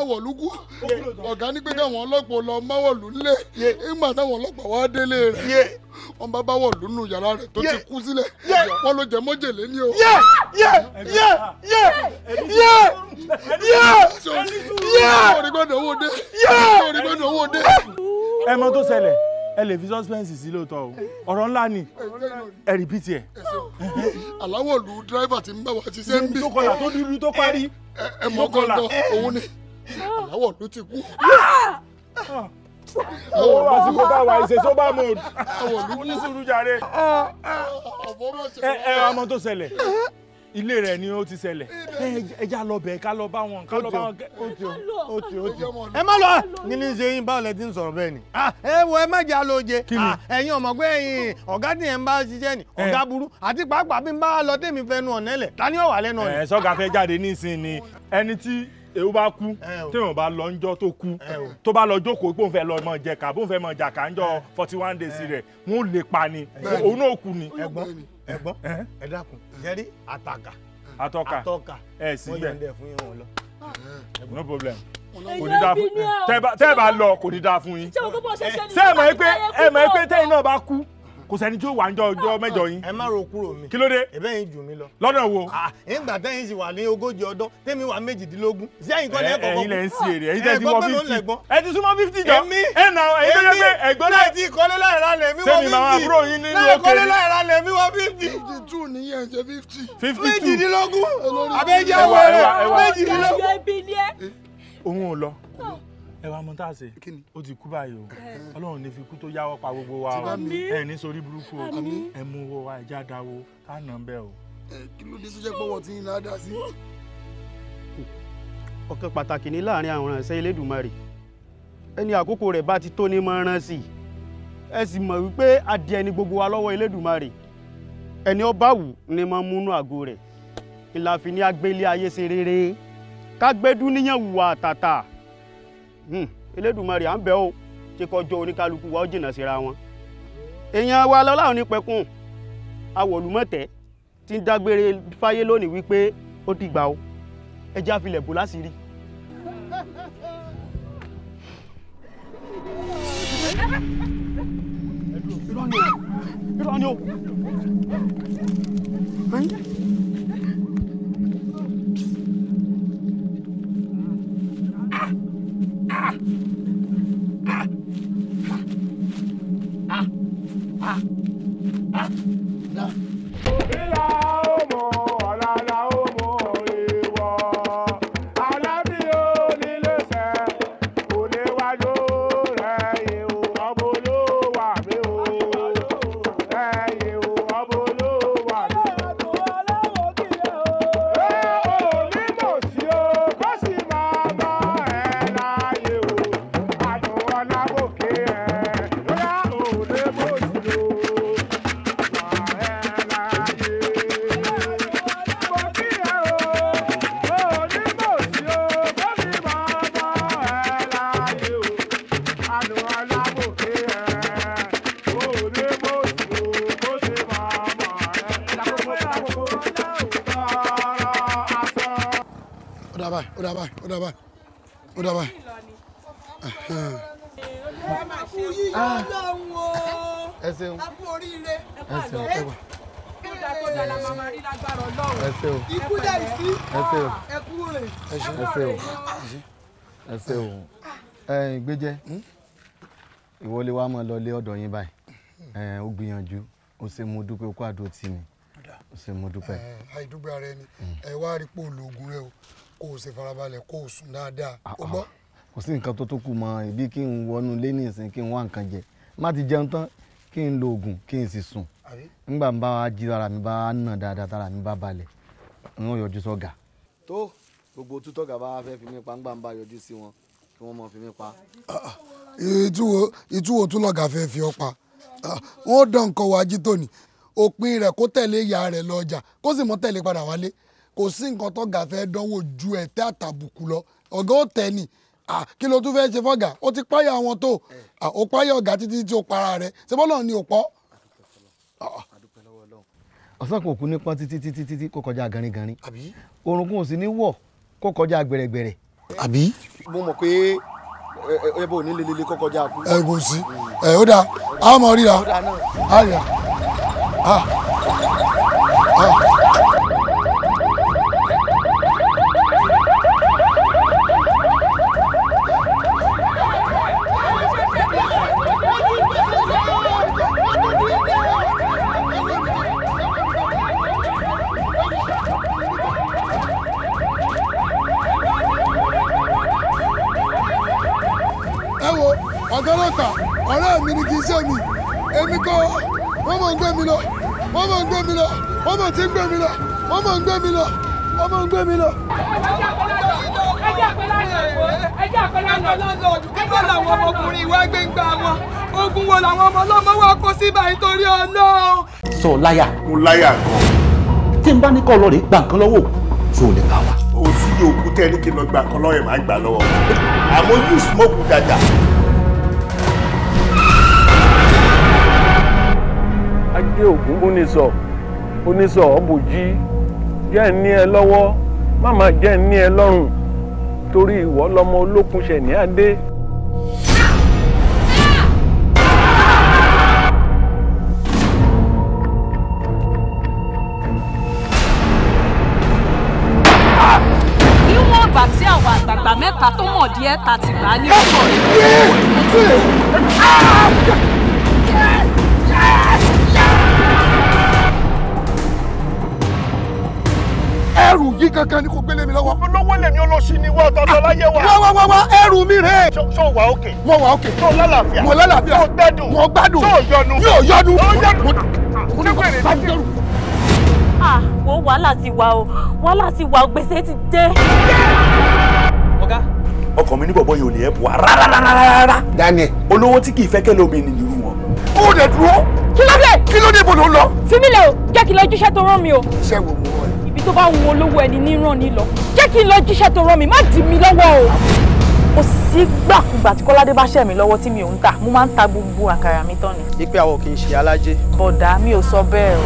awọ ló owó dé. orí mẹ́nu owó dé. ẹ mọ tó ṣẹlẹ̀ ẹ lè fi suspense sí lóòótọ́ o ọ̀rọ̀ ńlá ni ẹ rìpítì ẹ̀. aláwọ̀ lu dírẹ́fà ti ń bá wa ṣiṣẹ́ ń bí. tó kọlà tó dúdú tó parí. ẹ mọ kọlà òun ni aláwọ̀ lu ti kú. Àwọn àsìkò tá a wà ìṣe sober mode. Onísùúrù jàre. Ẹ ẹ ọmọ tó ṣẹlẹ̀ ilé rẹ ni ó ti ṣẹlẹ̀ ẹ já lọ bẹ̀ ká lọ bá wọn ká lọ bá wọn. ó ti ó ti ó ti ẹ má lọ ní ní ṣe yín báwo lẹ ti ń sọ̀rọ̀ bẹ́ẹ̀ ni. Ah. Ah, ẹ wo ẹ má jà lóje ah, ẹ̀yin ọmọ pé ẹ̀yin ọ̀gá tí ẹ ń bá ṣiṣẹ́ ni eh. ọ̀gá burú àti pàápàá bí n bá lọ tèmi fẹ́ nu ọ̀nà ẹ̀lẹ̀ ta ni ó wà lẹ́nu ọ̀nà. ẹ eh, sọ́gà fẹ́ jáde nísìnyí ẹni tí èwo bá kú eh, téèyàn bá lọ ńjọ́ tó kú tó bá lọ jókòó pé òun fẹ́ lọ mọ jẹ̀ka bóun fẹ́ mọ jàkà ńjọ́ forty one days rẹ̀ wọ́n lè pa ni òun náà kú ni ẹ gbọ́ ẹ dákun jẹ́rí àtàkà àtọ́ka àtọ́ka ẹ sì gbẹ no problem kò ní dáa fún tẹ́ ẹ bá lọ kò ní dáa fún yín ṣé ẹ mọ̀ pé ẹ mọ̀ pé tẹ́yìn náà bá kú kò sẹ́ni tí ó wà níjọ́ ọjọ́ ah, mẹ́jọ ah, yín. ẹ má ro kúrò mi. kí ló yín jù mí lọ. lọ́dọ̀ wo. ìgbà ah, tẹ́yìn sì wà ní ogójì ọdún tẹ́mi wà méjìdínlógún. sí ẹ̀yin kọ́ni ẹ̀kọ́ kọ́kọ́. ẹ̀yin lẹ ń sí èrè ẹ̀yin tẹ́ wọ fifty. ẹ ti súnmọ́ fifty jọ. èmi èmi ẹ̀gbọ́n náà ti kọ́lé láìra lẹ̀ mí wọ fifty. sẹ́mi màmá àbúrò yín nínú òkè. kọ́lé láìra lẹ̀ mí wọ fifty ẹ wá mọ táàsì ó ti kú báyìí o ọlọ́run ní fi kú tó yáwọ́ pa gbogbo wa o ẹ ní sórí burúkú o ẹ mú owó wa ẹja dáwó ká nà ń bẹ o. kí ló dé tó jẹ́ pọ́wọ́ tí ń lá dá sí. ọ̀kan pàtàkì ní láàrin àwọn ìránṣẹ́ Elédùmarè ẹni àkókò rẹ̀ bá ti tó ní mọ́ rán sí i ẹ sì mọ̀ wípé adìẹ ni gbogbo wa lọ́wọ́ Elédùmarè ẹni ó wù ni mọ́ múnú àgọ́ rẹ̀ ìlàfin ni agbélé ayé ṣe rere ká gbẹ́dún níyàn wùwà àtàtà Hmm, elédùnmarè à ń bẹ̀ o ti kọjọ́ oníkálukú wa ó jìnnà síra wọn. èèyàn wa lọ́láhùn ní pẹ̀kun awọ̀lùmọ̀tẹ́ ti ń dágbére fáyé lónìí wípé ó ti gbà o ẹja filẹ̀ bò láṣìírí. irọ́ ni o irọ́ ni o. Thank you. jẹ́ hmm? ìwọlé wa máa lọ lé ọ̀dọ̀ yín báyìí ó gbìyànjú ó ṣe mo dúpẹ́ ó kó àdó tì mí ó ṣe mo dúpẹ́. àìdúgbà rẹ ni ẹ wá rí pò lóògùn rẹ o kó o ṣe farabalẹ̀ kó o sùn dáadáa ó ah, ah. gbọ́. kò sí nǹkan tó tó kù mọ́ ibi kí n wọnú lé ní ìsìn kí n wá nǹkan jẹ má ti jẹun tán kí n lo oògùn kí n sì sùn nígbà bá wa jí ara mi bá nà dáadáa tára mi bá balẹ̀ n ó yọjú sọ́gà. tó gbogbo tútọ́gà bá fẹ́ fi mí pa ń ń bá yọjú sí wọn kí wọ́n mọ̀ fi mí pa. ìtúwò tún lọ́gàá fẹ́ fi ọ pa ah, wọ́n dán nǹkan wọ ají tóní òpin rẹ̀ kó tẹ̀lé ìyá rẹ̀ lọ ọjà kó sì mọ́ tẹ̀lé padà wálé kò sí nǹkan tó gàfẹ́ dánwò ju ẹ̀tẹ́ àtàbùkù lọ ọ̀gá ó tẹ̀ ni kí ló tún fẹ́ ṣe fọ́gà ó ti páyà wọn tó ó páyà ọ̀gá títí tí ó para rẹ̀ ṣé bọ́lá ni ò pọ́. ọ̀sán kò kú nípọn títí títí kó kọjá gẹringẹrin orunkun ò sì ní wọ̀ kó kọjá gbẹ̀rẹ̀gbẹ̀rẹ̀. mo mọ̀ pé ẹbọ ò ní lelele kọ́kọ́ já kú. gbé mi lọ wọ́n mọ̀ tí ń gbé mi lọ wọ́n mọ̀ ń gbé mi lọ wọ́n mọ̀ ń gbé mi lọ. ẹjẹ́ àpẹlánà ẹjẹ́ àpẹlánà ẹjẹ́ làwọn ọmọkùnrin ìwà gbẹ̀ngbà wọn ogun wo làwọn ọmọ ọlọ́mọ wa kó síbà nítorí ọlọ́run. sọ láyà. mo láyà gan. tí n bá ní kọ́ lọ rèé gbà nǹkan lọ́wọ́ tó lè bá wa. o sì yóò kú tẹ́ ní kí n lọ gbà nǹkan lọ́wọ́ ẹ̀ máa gbà lọ́wọ́ àmọ́ yóò smoke dáadáa. ajé ògúngún ni sọ. So oníṣọ ọ̀bùjí jẹ́ ní ẹ lọ́wọ́ má má jẹ́ ní ẹ lọ́rùn torí ìwọ lọmọ olókun ṣẹ̀ ní adé. ìgbà tí àwọn àgbààgbà mẹ́ta tó mọ̀ díẹ̀ ta ti gbà ní ọkọ̀ rẹ̀. yìí kankan ni kò gbélé mi lọ́wọ́. olówó lèmi olóṣì ni wọ́n tọ́tọ́ ah, láyé wa. wá wá wá wá ẹrù mi rè. ṣó wà òkè. mo wà òkè. ṣó lálàáfíà. mo lálàáfíà. mo gbádùn. mo gbádùn. ṣó yọnu. yóò yọnu. ó yọnu. mo ní kò bá dẹrù. ah wo wàhálà ti wà o wàhálà ti wà o gbèsè ti dé. ọ̀gá ọkàn mi ní bọ̀bọ̀ yìí ò lè ẹ̀bùn wa rárá. Daniel olówó tí kì í fẹ́ kẹ́lẹ́ obìnrin nìyí wọn. ó dẹ̀ dúró. kí ló dé. kí ló dé bò ló ń lọ. fi mí lẹ̀ o jẹ́ kí lọ ojúṣe tó rán mi o. iṣẹ́ wo mo tàbí tó bá wù olówó ẹni níràn nílọ jẹ́ kí n lọ jíṣẹ́ tó rán mi má dì mí lọ́wọ́ o. kò sí gbàkúgbà tí kọ́ládé bá ṣẹ̀ mí lọ́wọ́ tí mi ò ń tà mo máa ń ta gbogbo àkàrà mi tán ni. ipe àwọn kì í ṣe alájẹ. bọ̀dà mi ò sọ bẹ́ẹ̀ o.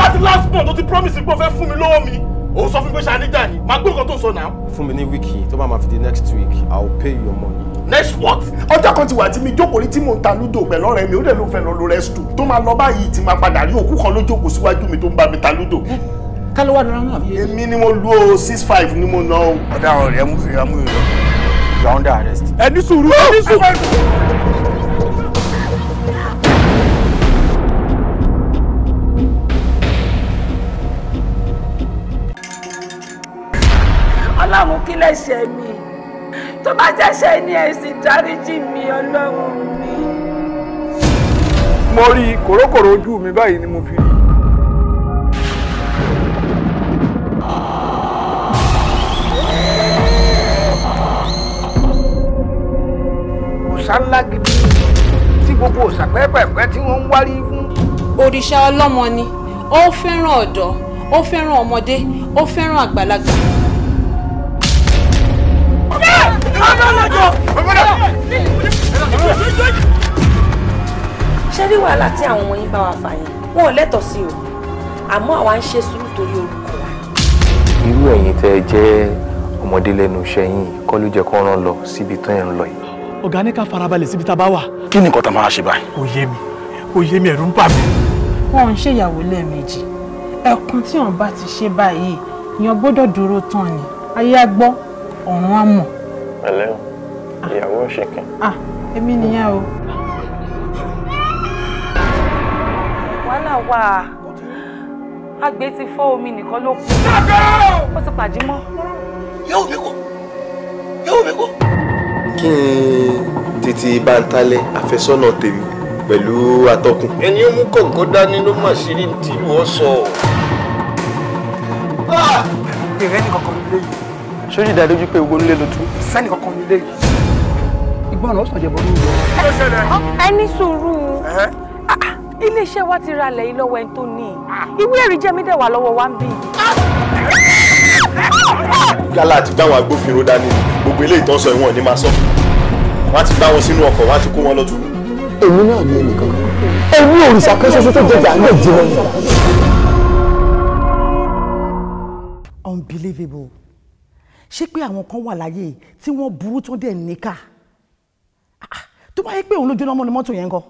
láti last month o ti promise pé o fẹ́ fún mi lọ́wọ́ mi o sọ fún mi pé ṣàníjà ni màá gbé nǹkan tó ń sọ náà. fún mi ní wíìkì tó bá máa fi di next week I'll will pay your money next what. ọjọ́ kan ti wà tí mi jókòó rí tí mò ń ta lúdò pẹ̀lú ọ̀rẹ́ mi ó dẹ̀ ló fẹ́ lọ lo rẹ́sítù tó máa lọ báyìí tí máa padà rí òkú kan ló síwájú mi tó ń bá mi ta lúdò ká ló wà lọ́nà náà. èmi ni mo lu o six five ni mo ná o. ọ̀daràn rẹ̀ mú ìrora mú ìrora you are under arrest. ẹ ní sùúrù ẹ ní sùúrù. ọlọ́run kí lè ṣe mí tó bá jẹ́ ṣe ni ẹ dáríjì mi ọlọ́run mi. mo rí kòrókòrò ojú mi báyìí ni mo fi òòṣà ńlá gidi tí gbogbo òòṣà pẹ́ẹ́pẹ́ẹ́pẹ́ tí wọ́n ń wárí fún. òrìṣà ọlọ́mọ ni ó fẹ́ràn ọ̀dọ́ ó fẹ́ràn ọmọdé ó fẹ́ràn àgbàlagbà. ṣé rí wàhálà tí àwọn ọmọ yín bá wa fà yẹn wọn ò lẹ́tọ̀ọ́ sí o àmọ́ àwa ń ṣe sùúrù torí orúkọ wa. irú ẹ̀yin tẹ́ ẹ jẹ́ ọmọdé lẹ́nu iṣẹ́ yín kọ́ ló jẹ́ kó rán lọ síbi tó ń lọ yìí ọ̀gá ní ká farabalẹ̀ síbi tá a bá wà. kí ni nǹkan tá a máa ṣe báyìí. kò yé mi kò yé mi ẹ̀rù ń bà mí. wọn ń ṣèyàwó lẹ́ẹ̀mejì ẹkùn tí wọn bá ti ṣe báyìí èèyàn gbọ́dọ̀ dúró tán ni ayé á gbọ́ ọ̀run á mọ̀. ẹlẹ́ o ah. ìyàwó ṣèkín. Ah, èmi nìyẹn o. wàhálà wà á àgbẹ̀ ti fọ́ omi nìkan ló kù. ó ti pàdé mọ́. yóò mi kú yóò mi kú kí ni títí bántálẹ̀ àfẹ́sọ́nà tèmi pẹ̀lú atọ́kùn. ẹni ó mú kọ̀ǹkọ́ dání ló mà sí ní tìlú ọ̀sọ̀. Ah! ìrẹ́ ní kankan nílé yìí. sójú ìdádójú pé owó nílé ló tú. sẹ́ni kankan nílé yìí. ìgbọràn ó sàjẹbọ ní ìlú. ẹ ní sùúrù ah, ah, iléeṣẹ́ wa ti ra ilẹ̀ yìí lọ́wọ́ ẹni tó ní i ìwé ẹ̀rí jẹ́mi dẹ̀ wà lọ́wọ́ wa ń bí. gálà àti báwọn agbófinró dání gbogbo eléyìí tó ń sọ ìwọ̀n ni máa sọ fún wọ́n ti dá sínú ọkọ̀ wọ́n ti kó wọn lọ́tún. èmi náà ní ẹnìkan èmi òrìṣà kan ṣoṣo tó jẹjà ní èjì wọn. unbelievable ṣé pé àwọn kan wà láyé tí wọ́n burú tó dẹ̀ níkà ah, tó bá yẹ pé òun ló jóná mọ́ ni mọ́tò yẹn kọ́.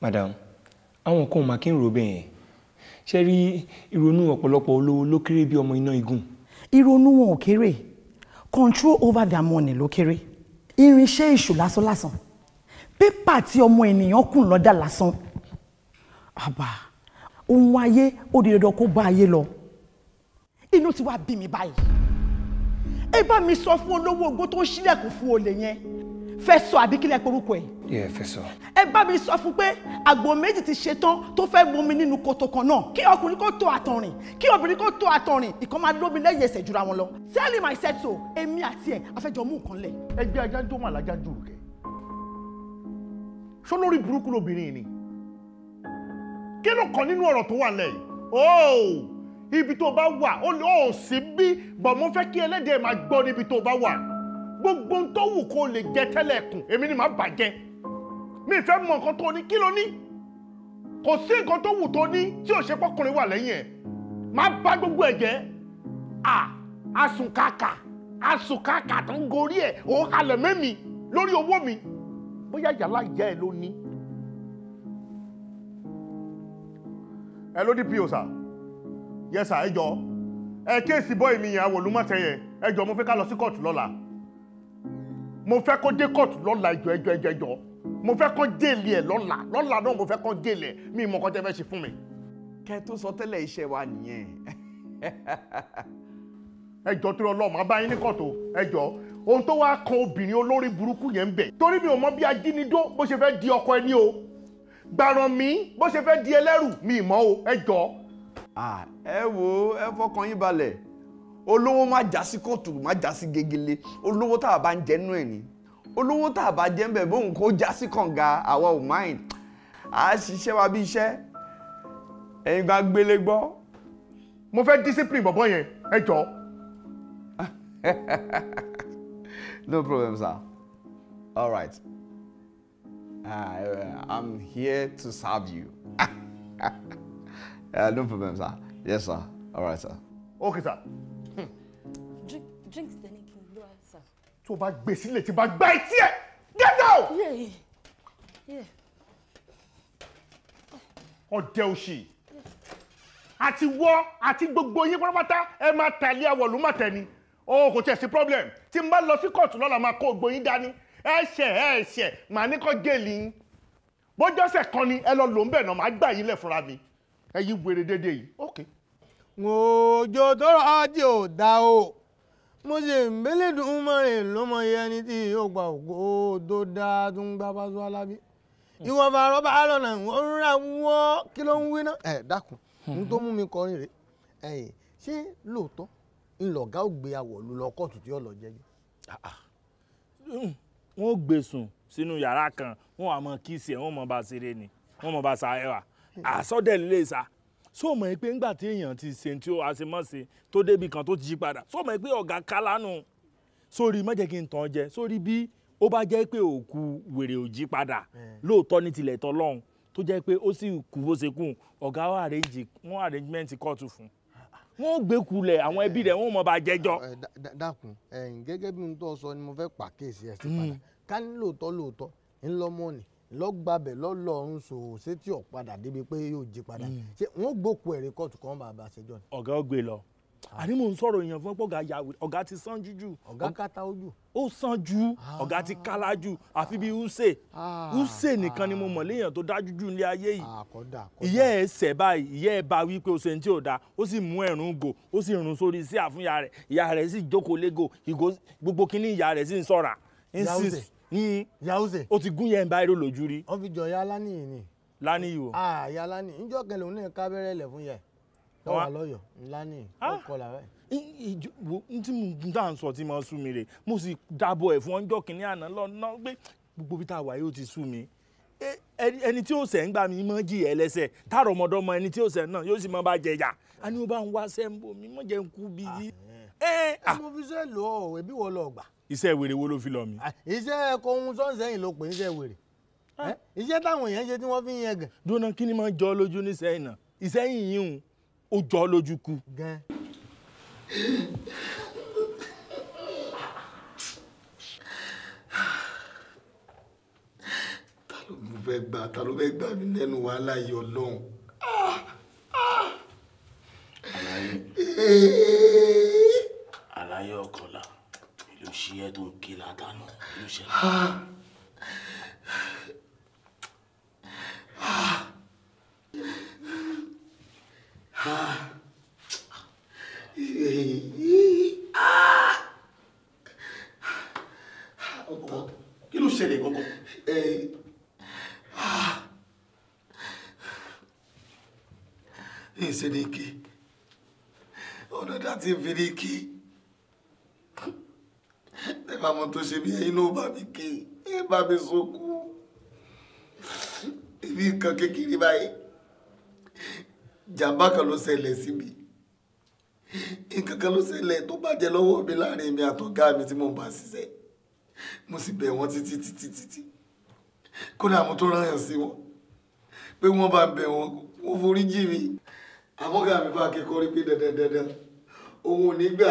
madam àwọn kan ò mà kí ń rò bẹ́ẹ̀ yẹn ṣe rí ìrònú ọ̀pọ̀lọpọ̀ olówó ló kéré bí ọmọ iná igun. ìrònú wọn ò kéré control over their money ló kéré irinṣẹ́ èṣù lásán lásán pépà tí ọmọ ènìyàn kùn lọ́dà lásán àbá ohun ayé ó di dandan kó bá ayé lọ inú ti wá bí mi báyìí ẹ bá mi sọ fún olówó ogbó tó ń ṣílẹ̀kùn fún olè yẹn Fẹ́sọ àbí kílẹ̀ porúkọ ẹ̀. yẹ Fẹ́sọ. ẹ bá mi sọ fún pé àgbò méjì ti ṣetán tó fẹ́ bomi nínú kòtò kan náà kí ọkùnrin kó tó àtọ̀rìn kí obìnrin kó tó àtọ̀rìn ìkan máa lómi lẹ́yìn ẹsẹ̀ jura wọn lọ. tell him I said so èmi àti ẹ̀ afẹ́jọ́ mú nǹkan lẹ̀. ẹgbẹ́ ajájọ́ mà lájájú rẹ̀ ṣó lórí burúkú lobìnrin ni kí ló kàn nínú ọ̀rọ̀ tó wà lẹ́yìn ooo oh, ibi tó bá wà ó sì bí bọ̀ mo fẹ́ kí ẹlẹ́dẹ̀ẹ́ máa gbọ́ níbi tó bá wà gbogbo tó wù kó lè jẹ tẹ́lẹ̀kùn èmi ni màá bàjẹ́ mi ìfẹ́ mọ nǹkan tó ní kí ló ní kò sí nǹkan tó wù tó ní tí ò ṣe pọ́kùnrin wà lẹ́yìn ẹ̀ màá bá gbogbo ẹ̀ jẹ́ à asùnkàkà asùnkàkà tó ń gorí ẹ̀ òun halẹ̀ mẹ́mi lórí owó mi bóyá yàrá ìyá ẹ̀ ló ní. ẹ ló ní po sà yẹ sà ẹ jọ ẹ kéèsì bọ́ èmi àwòlúmọ̀tẹ́yẹ ẹ jọ mo fẹ́ ká lọ sí kóòtù lọ́la mo fẹ́ kó dé kóòtù lọ́la ìjọ ẹjọ ẹjọ ẹjọ mo fẹ́ kó jèlè ẹ̀ lọ́la lọ́la náà mo fẹ́ kó jèlè ẹ̀ mi ìmọ̀ kan tẹ́ fẹ́ ṣe fún mi. kẹ tó sọ tẹ́lẹ̀ iṣẹ́ wa nìyẹn. ẹjọ tó lọ lọmọ abáyín ní kóòtù ẹjọ ohun tó wáá kan obìnrin olórí burúkú yẹn ń bẹ torí mi ò mọ bí ajínigbó bó ṣe fẹ́ di ọkọ ẹni o gbàràn mi bó ṣe fẹ́ di ẹlẹ́rù mi ìmọ̀ o ẹjọ. ẹ wo ẹ fọkàn yín balẹ̀ olówó má já sí kòtò má já sí gegele olówó tá a bá ń jẹ nú ẹ̀ ni olówó tá a bá jẹ ń bẹ̀ bóun kó já sí kànga àwa ò mind à ṣiṣẹ́ wa bí iṣẹ́ ẹ̀yin gba gbélé gbọ́. mo fẹ́ discipline bọ̀bọ̀ yẹn ẹ jọ. no problem sir all right uh, i'm here to serve you uh, no problem sir yes sir all right sir. okay sir. tó bá gbé sílẹ̀ tí bá gbá etí ẹ̀ get out. ọdẹ òṣì àti wọ àti gbogbo yín pátápátá ẹ máa tàlé àwọ̀lú má tẹ̀ni o kò tiẹ̀ sí problem tí n bá lọ sí kóòtù lọ́la máa kó gbogbo yín dání ẹ ṣe ẹ ṣe màá ní kọ́ géèlì yín bójọ́sẹ̀ kan ni ẹ lọ lò bẹ̀ náà màá gbà yín lẹ̀ fúnra mi ẹ yí wèrè déédéé yìí ok. tó rọ̀ ọ́ di ò dá o mo ṣe ìbélédùn mọ́rin ló mọ iye ẹni tí yóò gba ògo tó dáa tó ń gbá báṣọ alábí hmm. ìwọ bá rọ́bà lọ́nà òǹra wọ́ kí ló ń wí náà. ẹ dákun hmm. n tó mú mi kọrin rè é ṣé lóòótọ́ ńlọ̀gá ò gbé Awọ̀lú lọ kóòtù tí yóò lọ jẹ́jọ́. wọn ò gbé sùn sínú yàrá kan wọn àmọ́ kí í ṣe wọn mọ bá ṣeré ni wọn mọ bá ṣe so mọ̀ pé ńgbà tí èèyàn ti ṣe tí ó àṣemọ́ṣe tó débi kan tó ti yí padà so mọ̀ pé ọ̀gá kálánù sórí má jẹ́ kí n tàn jẹ sórí bí ó bá jẹ́ pé òkú wèrè ò jí padà lóòótọ́ ní tilẹ̀ tọ́ lọ́hùn tó jẹ́ pé ó sì kú bó ṣe kù ọ̀gá wa àrèjì wọn àrèjìmẹ́ǹtì kóòtù fún wọn ò gbé kulẹ̀ àwọn ẹbí rẹ̀ wọn ò mọ̀ bá jẹ́jọ́. dákun gẹ́gẹ́ bí n tó sọ ni mo fẹ́ pàkíyèsí ẹ̀ sí padà hmm. ká ní lóòótọ́ lóòótọ́ ńlọmọ́ni lọ́gbàbẹ̀ lọ́lọ́run sò sétí ọ̀padà débi pé yóò jí padà hmm. ṣé wọ́n gbòkú ẹ̀rí kóòtù kan bá bá ṣẹjọ́ ni. ọ̀gá ó gbé lọ ah. àní mò ń sọ̀rọ̀ èèyàn fún ọ̀gá ya, ọ̀gá ti san jújù. ọ̀gá kata ojú. ó san ju ah. ọ̀gá ti kala ju àfi bíi use ah. use nìkan ni mo mọ̀ léèyàn tó dájú jù nílé ayé yìí. ìyá ẹ ṣẹ̀ báyìí ìyá ẹ bá wí pé o ṣe ní tí ò da ó sì mú ẹ̀rún gò ó sì rún sórí sí àfúnyà rẹ̀ ìyá rẹ̀ sì jókòó légò gbogbo kínní ìyá rẹ̀ sì ń sọ̀ra. yahoo yín yàwùsẹ̀ o ti gún yẹn báyìí lójú rí. fi jọ ya lánìyàn ni. lánìyàn o. a ya lánìí njọ́ kẹlẹ̀ òun náà kábẹ́rẹ́ lẹ̀ fún yẹ lọ́wọ́ lọ́yọ̀ lánìyàn ah. ó kọ́ làwẹ̀. ìjọba tí mo dá ń sọ tí mo sú mi rè mo sì dábọ̀ ẹ̀ fún ọjọ́ kìnínní àná gbogbo bí a wà yóò ti sú mi e, ẹni tí ó ń gbà mí jì ẹni tí ó sẹ iṣẹ́ wèrè wo ló fi lọ mi. Ah, iṣẹ́ ẹ̀kọ́ ohun tó ń sẹ́yìn ló pè é iṣẹ́ wèrè ah. eh, iṣẹ́ táwọn èèyàn ṣe tí wọ́n fi ń yẹn gàn. dúró náà kí ni máa ń jọ ọ lójú nísẹ́yìn náà ìsẹ́yìn yìí ń ó jọ ọ lójú kú. ta ló mú fẹ́ gbà ta ló fẹ́ gbà mí lẹ́nu wàhálà yìí ọlọ́run. àlàyé eh. àlàyé ọkàn la ṣe ẹ tó ń ké ládàánú ló ṣẹlẹ̀. kí ló ṣẹlẹ̀ gbọ́ngàn. ìṣèlè kí ọ̀dọ́dá ti fi ní kí ẹ bá mọ tó ṣe bí ẹyin náà bá mi ké ẹ bá mi sunkún ibi nǹkan kékeré báyìí jàmbá kan ló ṣẹlẹ̀ sí mi nǹkan kan ló ṣẹlẹ̀ tó bàjẹ́ lọ́wọ́ mi láàrin mi àtọ̀gá mi tí mo bá ṣiṣẹ́ mo sì bẹ̀ wọ́n títí títí títí kódà mo tó ráyàn sí wọn pé wọ́n bá bẹ̀ wọ́n wọ́n forí jì mí àmọ́gà mi bá kẹ́kọ̀ọ́ rí pé dandan dandan òun ò ní gbà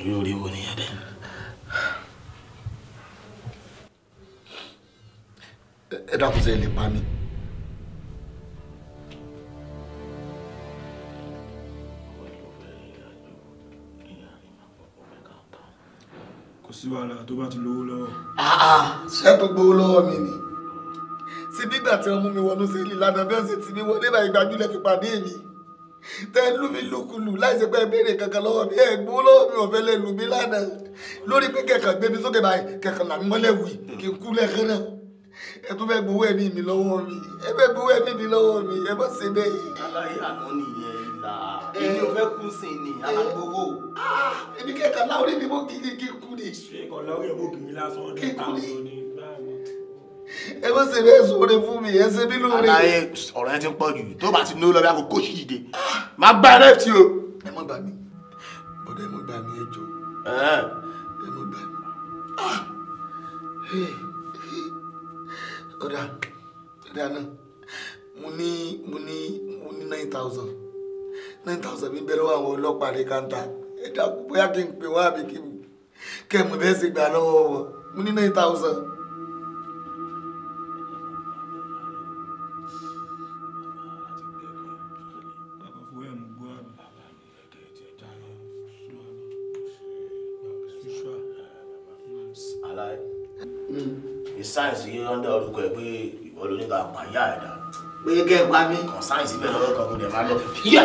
yóò rí wo nìyẹn dẹ. ẹ dákun sẹ́yìn lè pa mí. kò sí wàhálà tó bá ti lówó lọ́wọ́. Ah, ah, ṣé tó gbowó lọ́wọ́ mi ni. sí nígbà tí wọ́n mú mi wọnú sí ìlànà bẹ́ẹ̀ sì ti mi wọlé báyìí gbajúlẹ̀ fi pàdé mi tẹ lù mí lùkulù láì ṣe pé béèrè kankan lọ́wọ́ mi ẹ gbó mi ò fẹ́ lè lù lánàá lórí pé kẹ̀kẹ́ gbé mi sókè báyìí kẹ̀kẹ́ là ń mọ́lẹ̀ wì kí n kú lẹ́ẹ̀kan náà ẹ tún fẹ́ gbowó ẹ̀mí mi lọ́wọ́ mi ẹ fẹ́ gbowó ẹ̀mí mi lọ́wọ́ mi ẹ bá ṣe bẹ́ẹ̀. aláyé àná nìyẹn ìlà èmi ò fẹ́ kú sí ni alágbowó. Ah, èmi kẹ̀kẹ́ láwọn èmi mọ́ kí kí kú ni. ṣé ìkọ̀lá ẹ bó ṣe bẹ́ẹ̀ sóore fún mi ẹ ṣe mí lóore. àlàyé ọ̀rọ̀ yẹn ti ń pọ̀ jù tó bá ti ní lọ́bí àkókò sì dìde má gbá ẹ lẹ́ẹ̀tì o. ẹ mọ gbà mí bọ̀dọ̀ ẹ mọ gbà mí ẹ jọ ẹ mọ gbà mí. ọ̀dà ọ̀dà náà mo ní mo ní mo ní nine thousand nine thousand mi bẹ lọ́wọ́ àwọn ọlọ́pàá rẹ̀ káńtà ẹ dàkú bóyá kí n pè wá àbí kí n kẹ́ mo bẹ́ẹ̀ sì gbà lọ́wọ́ wọn mo ní nine thousand. sáyẹ̀nsì yìí ọ̀ndà orúkọ ẹ̀ pé ìwọ ló ní ká pa yá ẹ̀dá. pé kẹ́ ẹ pa mí. kàn sáyẹ̀nsì bẹ́ẹ̀ lọ́wọ́ kan kò dẹ̀ máa lọ. yíyá.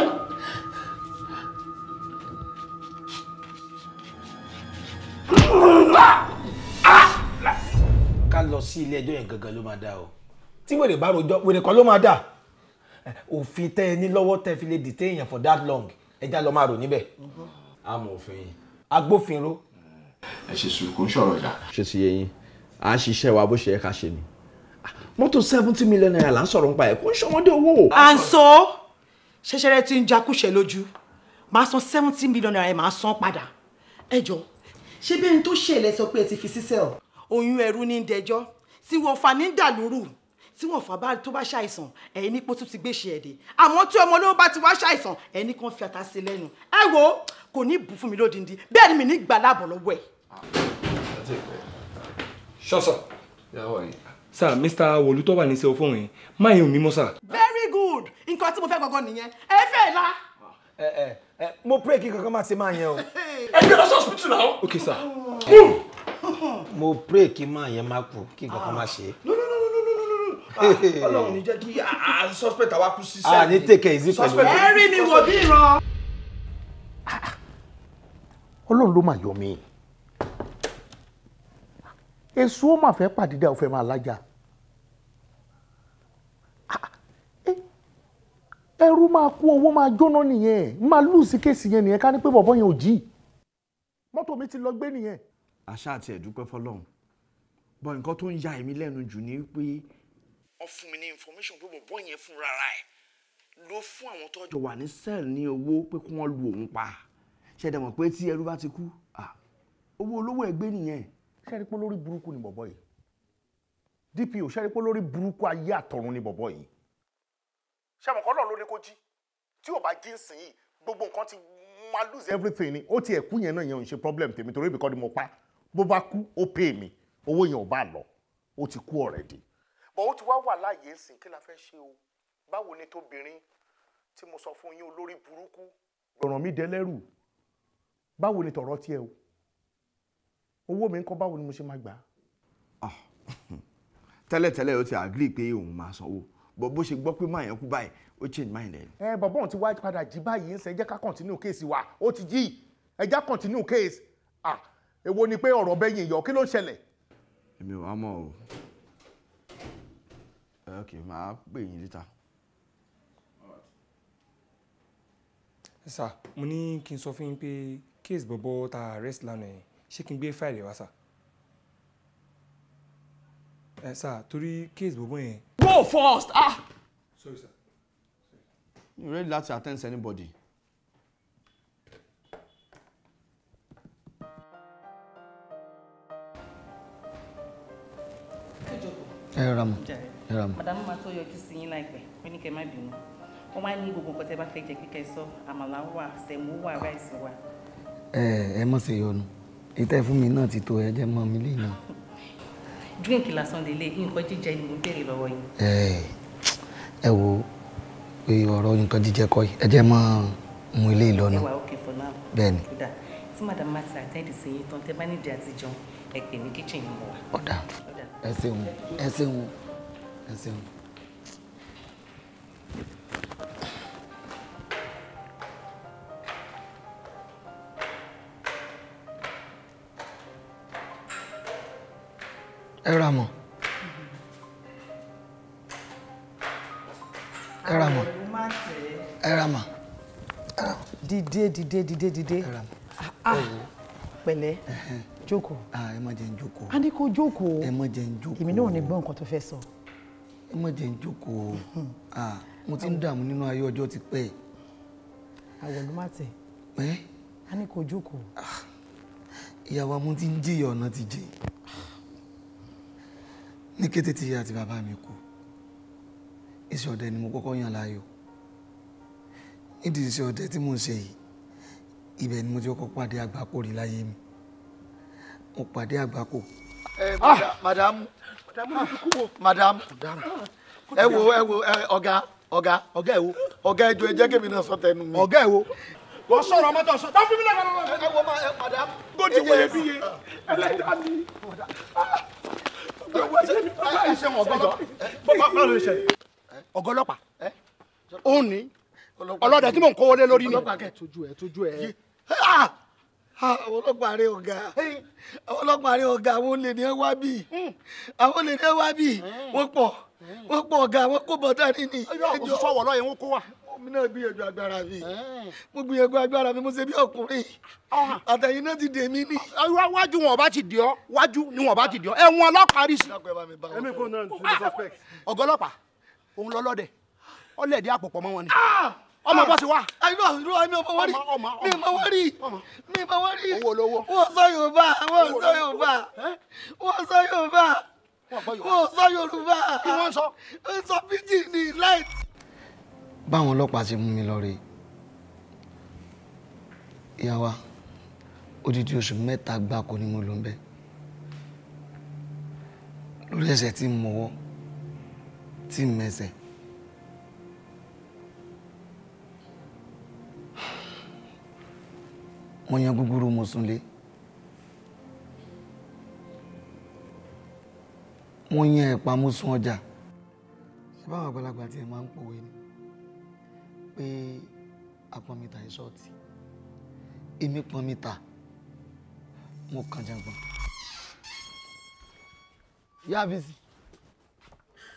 ká lọ sí ilé ẹjọ́ yẹn gangan ló máa dá o tí wèrè bá rojọ́ wèrè kan ló máa dà òfin tẹ ẹ ní lọ́wọ́ tẹ fi lè dìtẹ́ èèyàn for that long ẹja lọ máa rò níbẹ̀. amòfin. agbófinró. ẹ ṣe sùúrù kò ń ti yẹ yín à ń ṣiṣẹ́ wa bó ṣe yẹ ká ṣe ni ah, mọ́tò seventy million naira là ń sọ̀rọ̀ nípa ẹ̀ kó ń ṣọmọdé owó. à ń sọ ṣẹṣẹrẹ tí ń jakúṣẹ lójú máa san seventy million naira ẹ máa san padà ẹ jọ ṣé bẹ́ẹ̀ ni tó ṣẹlẹ̀ sọ pé ẹ ti fi sísẹ́ ọ̀. oyún ẹrú ní dẹjọ́ tí wọ́n fà ní dàlúrù tí wọ́n fà bá tó bá ṣàìsàn ẹ̀yin ní pótú ti gbéṣẹ́ ẹ̀dẹ̀ àmọ́ tí ọmọ olówó bá ti wá ṣàìsàn ẹ̀yin kan fi ata sí lẹ́nu ẹ wo kò ní bù fún mi lódindi bẹ́ẹ̀ ni mi ní gbà láàbọ̀ lọ́wọ́ ẹ̀. Ah, ṣọ́sọ̀. ìyàwó yìí. sir mr wolu tó wà ní sẹ́wọ́ fóun yẹn má yẹn ò mímọ́ sir. very good nǹkan tí mo fẹ́ gangan nìyẹn ẹ fẹ́ la. ẹ ẹ mo pray kí kankan má ṣe máa yẹn o. ẹ gbé lọ sí hospital náà. ok sir. mo pray kí máa yẹn má kú kí kankan má ṣe. Ah. no no no no no no no ah, ọlọ́run ní jẹ́ kí ah, suspect àwa kú sí sẹ́yìn. a ní tèkẹ́ ìzí pẹ̀lú. ẹ rí mi wò bí ìran. ọlọ́run ló máa yọ mí èso ó mà fẹ́ pàdídà ó fẹ́ máa lájà ah, eh, ẹrú máa kú owó máa jóná nìyẹn máa lùsì kéèsì yẹn nìyẹn ká ní pé bọ̀bọ̀ yẹn ò jí mọ́tò mi ti lọ gbé nìyẹn. àṣà àti ẹ̀dúpẹ́ fọlọ́run bọ́ nǹkan tó ń ya èmi lẹ́nu jù ni pé wọ́n fún mi ní information pé bọ̀bọ̀ yẹn fúnra rẹ̀ ló fún àwọn tọ́jú wà ní sẹ́ẹ̀lì ní owó pé kí wọ́n lu òun pa ṣẹ̀dá mọ̀ pé tí ẹrú bá ti kú ah, owó olówó ẹgbẹ́ nìyẹn ṣẹ́rípó lórí burúkú ni bọ̀bọ̀ yìí DPO ṣẹ́rípó lórí burúkú ayé àtọ̀run ni bọ̀bọ̀ yìí ṣàmùkọ́ náà ló ní kó jí tí ò bá jí ń sìn yìí gbogbo nǹkan ti máa lose everything ni ó ti ẹ̀kú yẹn náà yẹn ò ń ṣe problem tèmi torí ibìkan ni mo pa bó bá kú ó pè mí owó yẹn ò bá lọ ó ti kú already bọ̀ ó ti wá wà láàyè ń sìn kí la fẹ́ ṣe o báwo ni tóbìnrin tí mo sọ fún yín olórí burúkú. ọ̀ràn mi dẹ́lẹ́rù báwo ni tọ̀rọ̀ tiẹ̀ o owó mi ń kọ́ báwo ni mo ṣe máa gbà á. Ah, tẹ́lẹ̀tẹ́lẹ̀ ó ti agree pé òun máa sanwó bó bó ṣe gbọ́ pé máa yẹn kú báyìí ó change mind ẹ̀. ẹ bàbá òun ti wá padà jí báyìí ń sẹ ẹ ká continue case wa ó ti jí ẹ continue case ah èwo ni pé ọ̀rọ̀ bẹ́yìn yọ kí ló ń ṣẹlẹ̀. èmi ò wá mọ̀ o ok màá pè yín later. sà mo ní kí n sọ fún yín pé case bọ̀bọ̀ ta arrest lánàá yẹn ṣé kí n gbé fáìlì wá sà ẹ sà torí case gbogbo yẹn. go first ah. sorry sir. you ready láti attend to anybody. ẹ rà mọ ẹ rà mọ. madame máa tó yọjú sí yín láìpẹ́ wọ́n ní kẹ́ má bínú wọ́n máa ń ní gbogbo nǹkan tẹ́ bá fẹ́ jẹ kíkẹ́ sọ àmàlà wà sẹ̀mú wà ráìsì wà. ẹ ẹ mọ̀ sí yọnu ètò fún mi náà ti tó ẹjẹ mọ́ mi lè náà. drink lásán lélẹ̀ nǹkan jíjẹ ni mo béèrè lọ́wọ́ yìí. ẹ wo pé ọ̀rọ̀ nǹkan jíjẹ kọ́ yìí ẹjẹ mọ́ mu ilé ìlọ́nà. ẹwà òkè fọ náà bẹ́ẹ̀ni. kódà tí madam ma ti àtẹ́ẹ̀dì sí yín tán tẹ bá nídìí àti jẹun ẹ pè mí kíchìn ni mo wà. ọ̀dà ẹ ṣeun ẹ ṣeun ẹ ṣeun. ẹ ra mọ̀ ẹ ra mọ̀ ẹ ra mọ̀. dìde dìde dìde dìde ah, ah. pẹ̀lẹ́ jókòó. Ah, ẹ má jẹ́ n jókòó. a ní kó jókòó. ẹ má jẹ́ n jókòó. èmi náà ní gbọ́ nǹkan tó fẹ́ sọ. ẹ má jẹ́ n jókòó. mo ti ń dààmú nínú ayé ọjọ́ ti a ní kó jókòó. ìyàwó mo ti ń jìyà ọ̀nà ti jìn ní kété tí ìyá àti bàbá mi kú iṣẹ́ ọdẹ ni mo kọ́kọ́ yàn láàyò nídìí iṣẹ́ ọdẹ tí mò ń ṣe yìí ibẹ̀ ni mo ti kọ́kọ́ pàdé àgbákò rí láyé mi mo pàdé àgbákò. ẹ madamu ah! madamu ẹ wo ẹ wo ọ̀gá ọ̀gá ọ̀gá ẹ wo ọ̀gá ẹ jọ ẹ jẹ́ kébì náà sọ tẹnu mi. ọ̀gá ẹ wo wọ́n sọ̀rọ̀ ọmọ tó sọ tó fún mi lọ́kàn lọ́wọ́. ẹ wo madam. gbọ́dọ̀ wọlé bí yẹ ẹlẹ́dàá mi. Ah! ọgọlọpàá òun ni ọlọ́dẹ tí mò ń kówó lé lórí ni. ọlọ́pàá kẹ tójú ẹ tójú ẹ. àwọn ọlọ́pàá rẹ ọ̀gá àwọn ọlọ́pàá rẹ ọ̀gá àwọn olè ní ẹ wá bì hmm. àwọn olè ní ẹ wá bì hmm. wọ́n pọ̀ hmm. wọ́n pọ̀ ọ̀gá wọ́n kó bọ̀ dání ni. ọyọ òṣìṣẹ́ ọwọ́ lọ́yẹ̀ wọn kó wà mi náà gbìyànjú agbára mi mo gbìyànjú agbára mi mo ṣe bí ọkùnrin àtẹ̀yìn náà ti dè mí ní. wájú wọn ọba ti di ọ wájú ni wọn ọba ti di ọ ẹ̀wọ̀n ọlọ́pàá rí sí. ẹmí kò náà ṣe ní suspect. ọ̀gá ọlọ́pàá òun lọ lọ́dẹ ọlẹ́ẹ̀dẹ́ àpòpọ̀ mọ́ wọn ni ah! ọmọ bọ́sì wa. àìlú àìlú àìlú ọmọ wọ́n rí mi ma wọ́n rí mi ma wọ́n rí wọ́n sọ Yorùbá wọ́n sọ Yorùbá wọ́n sọ Yorùbá wọ́n sọ Yorùbá wọ́n sọ pidgin ní light báwọn ọlọ́pàá ti mú mi lọ rèé ìyá wa odidi oṣù mẹ́ta gbáko ni mo lò ń bẹ lórí ẹsẹ̀ tí mọ̀wọ́ tí mẹsẹ̀ mo yan gúgúrú mo súnlé mo yan ẹ̀pà mo sún ọjà ṣé báwọn àgbàlagbà tí máa ń pòwe ni pé apọnmita yìí ṣọ́ọ̀tì èmi pọnmita mo kàn jàngbọ̀n. yáàbìsì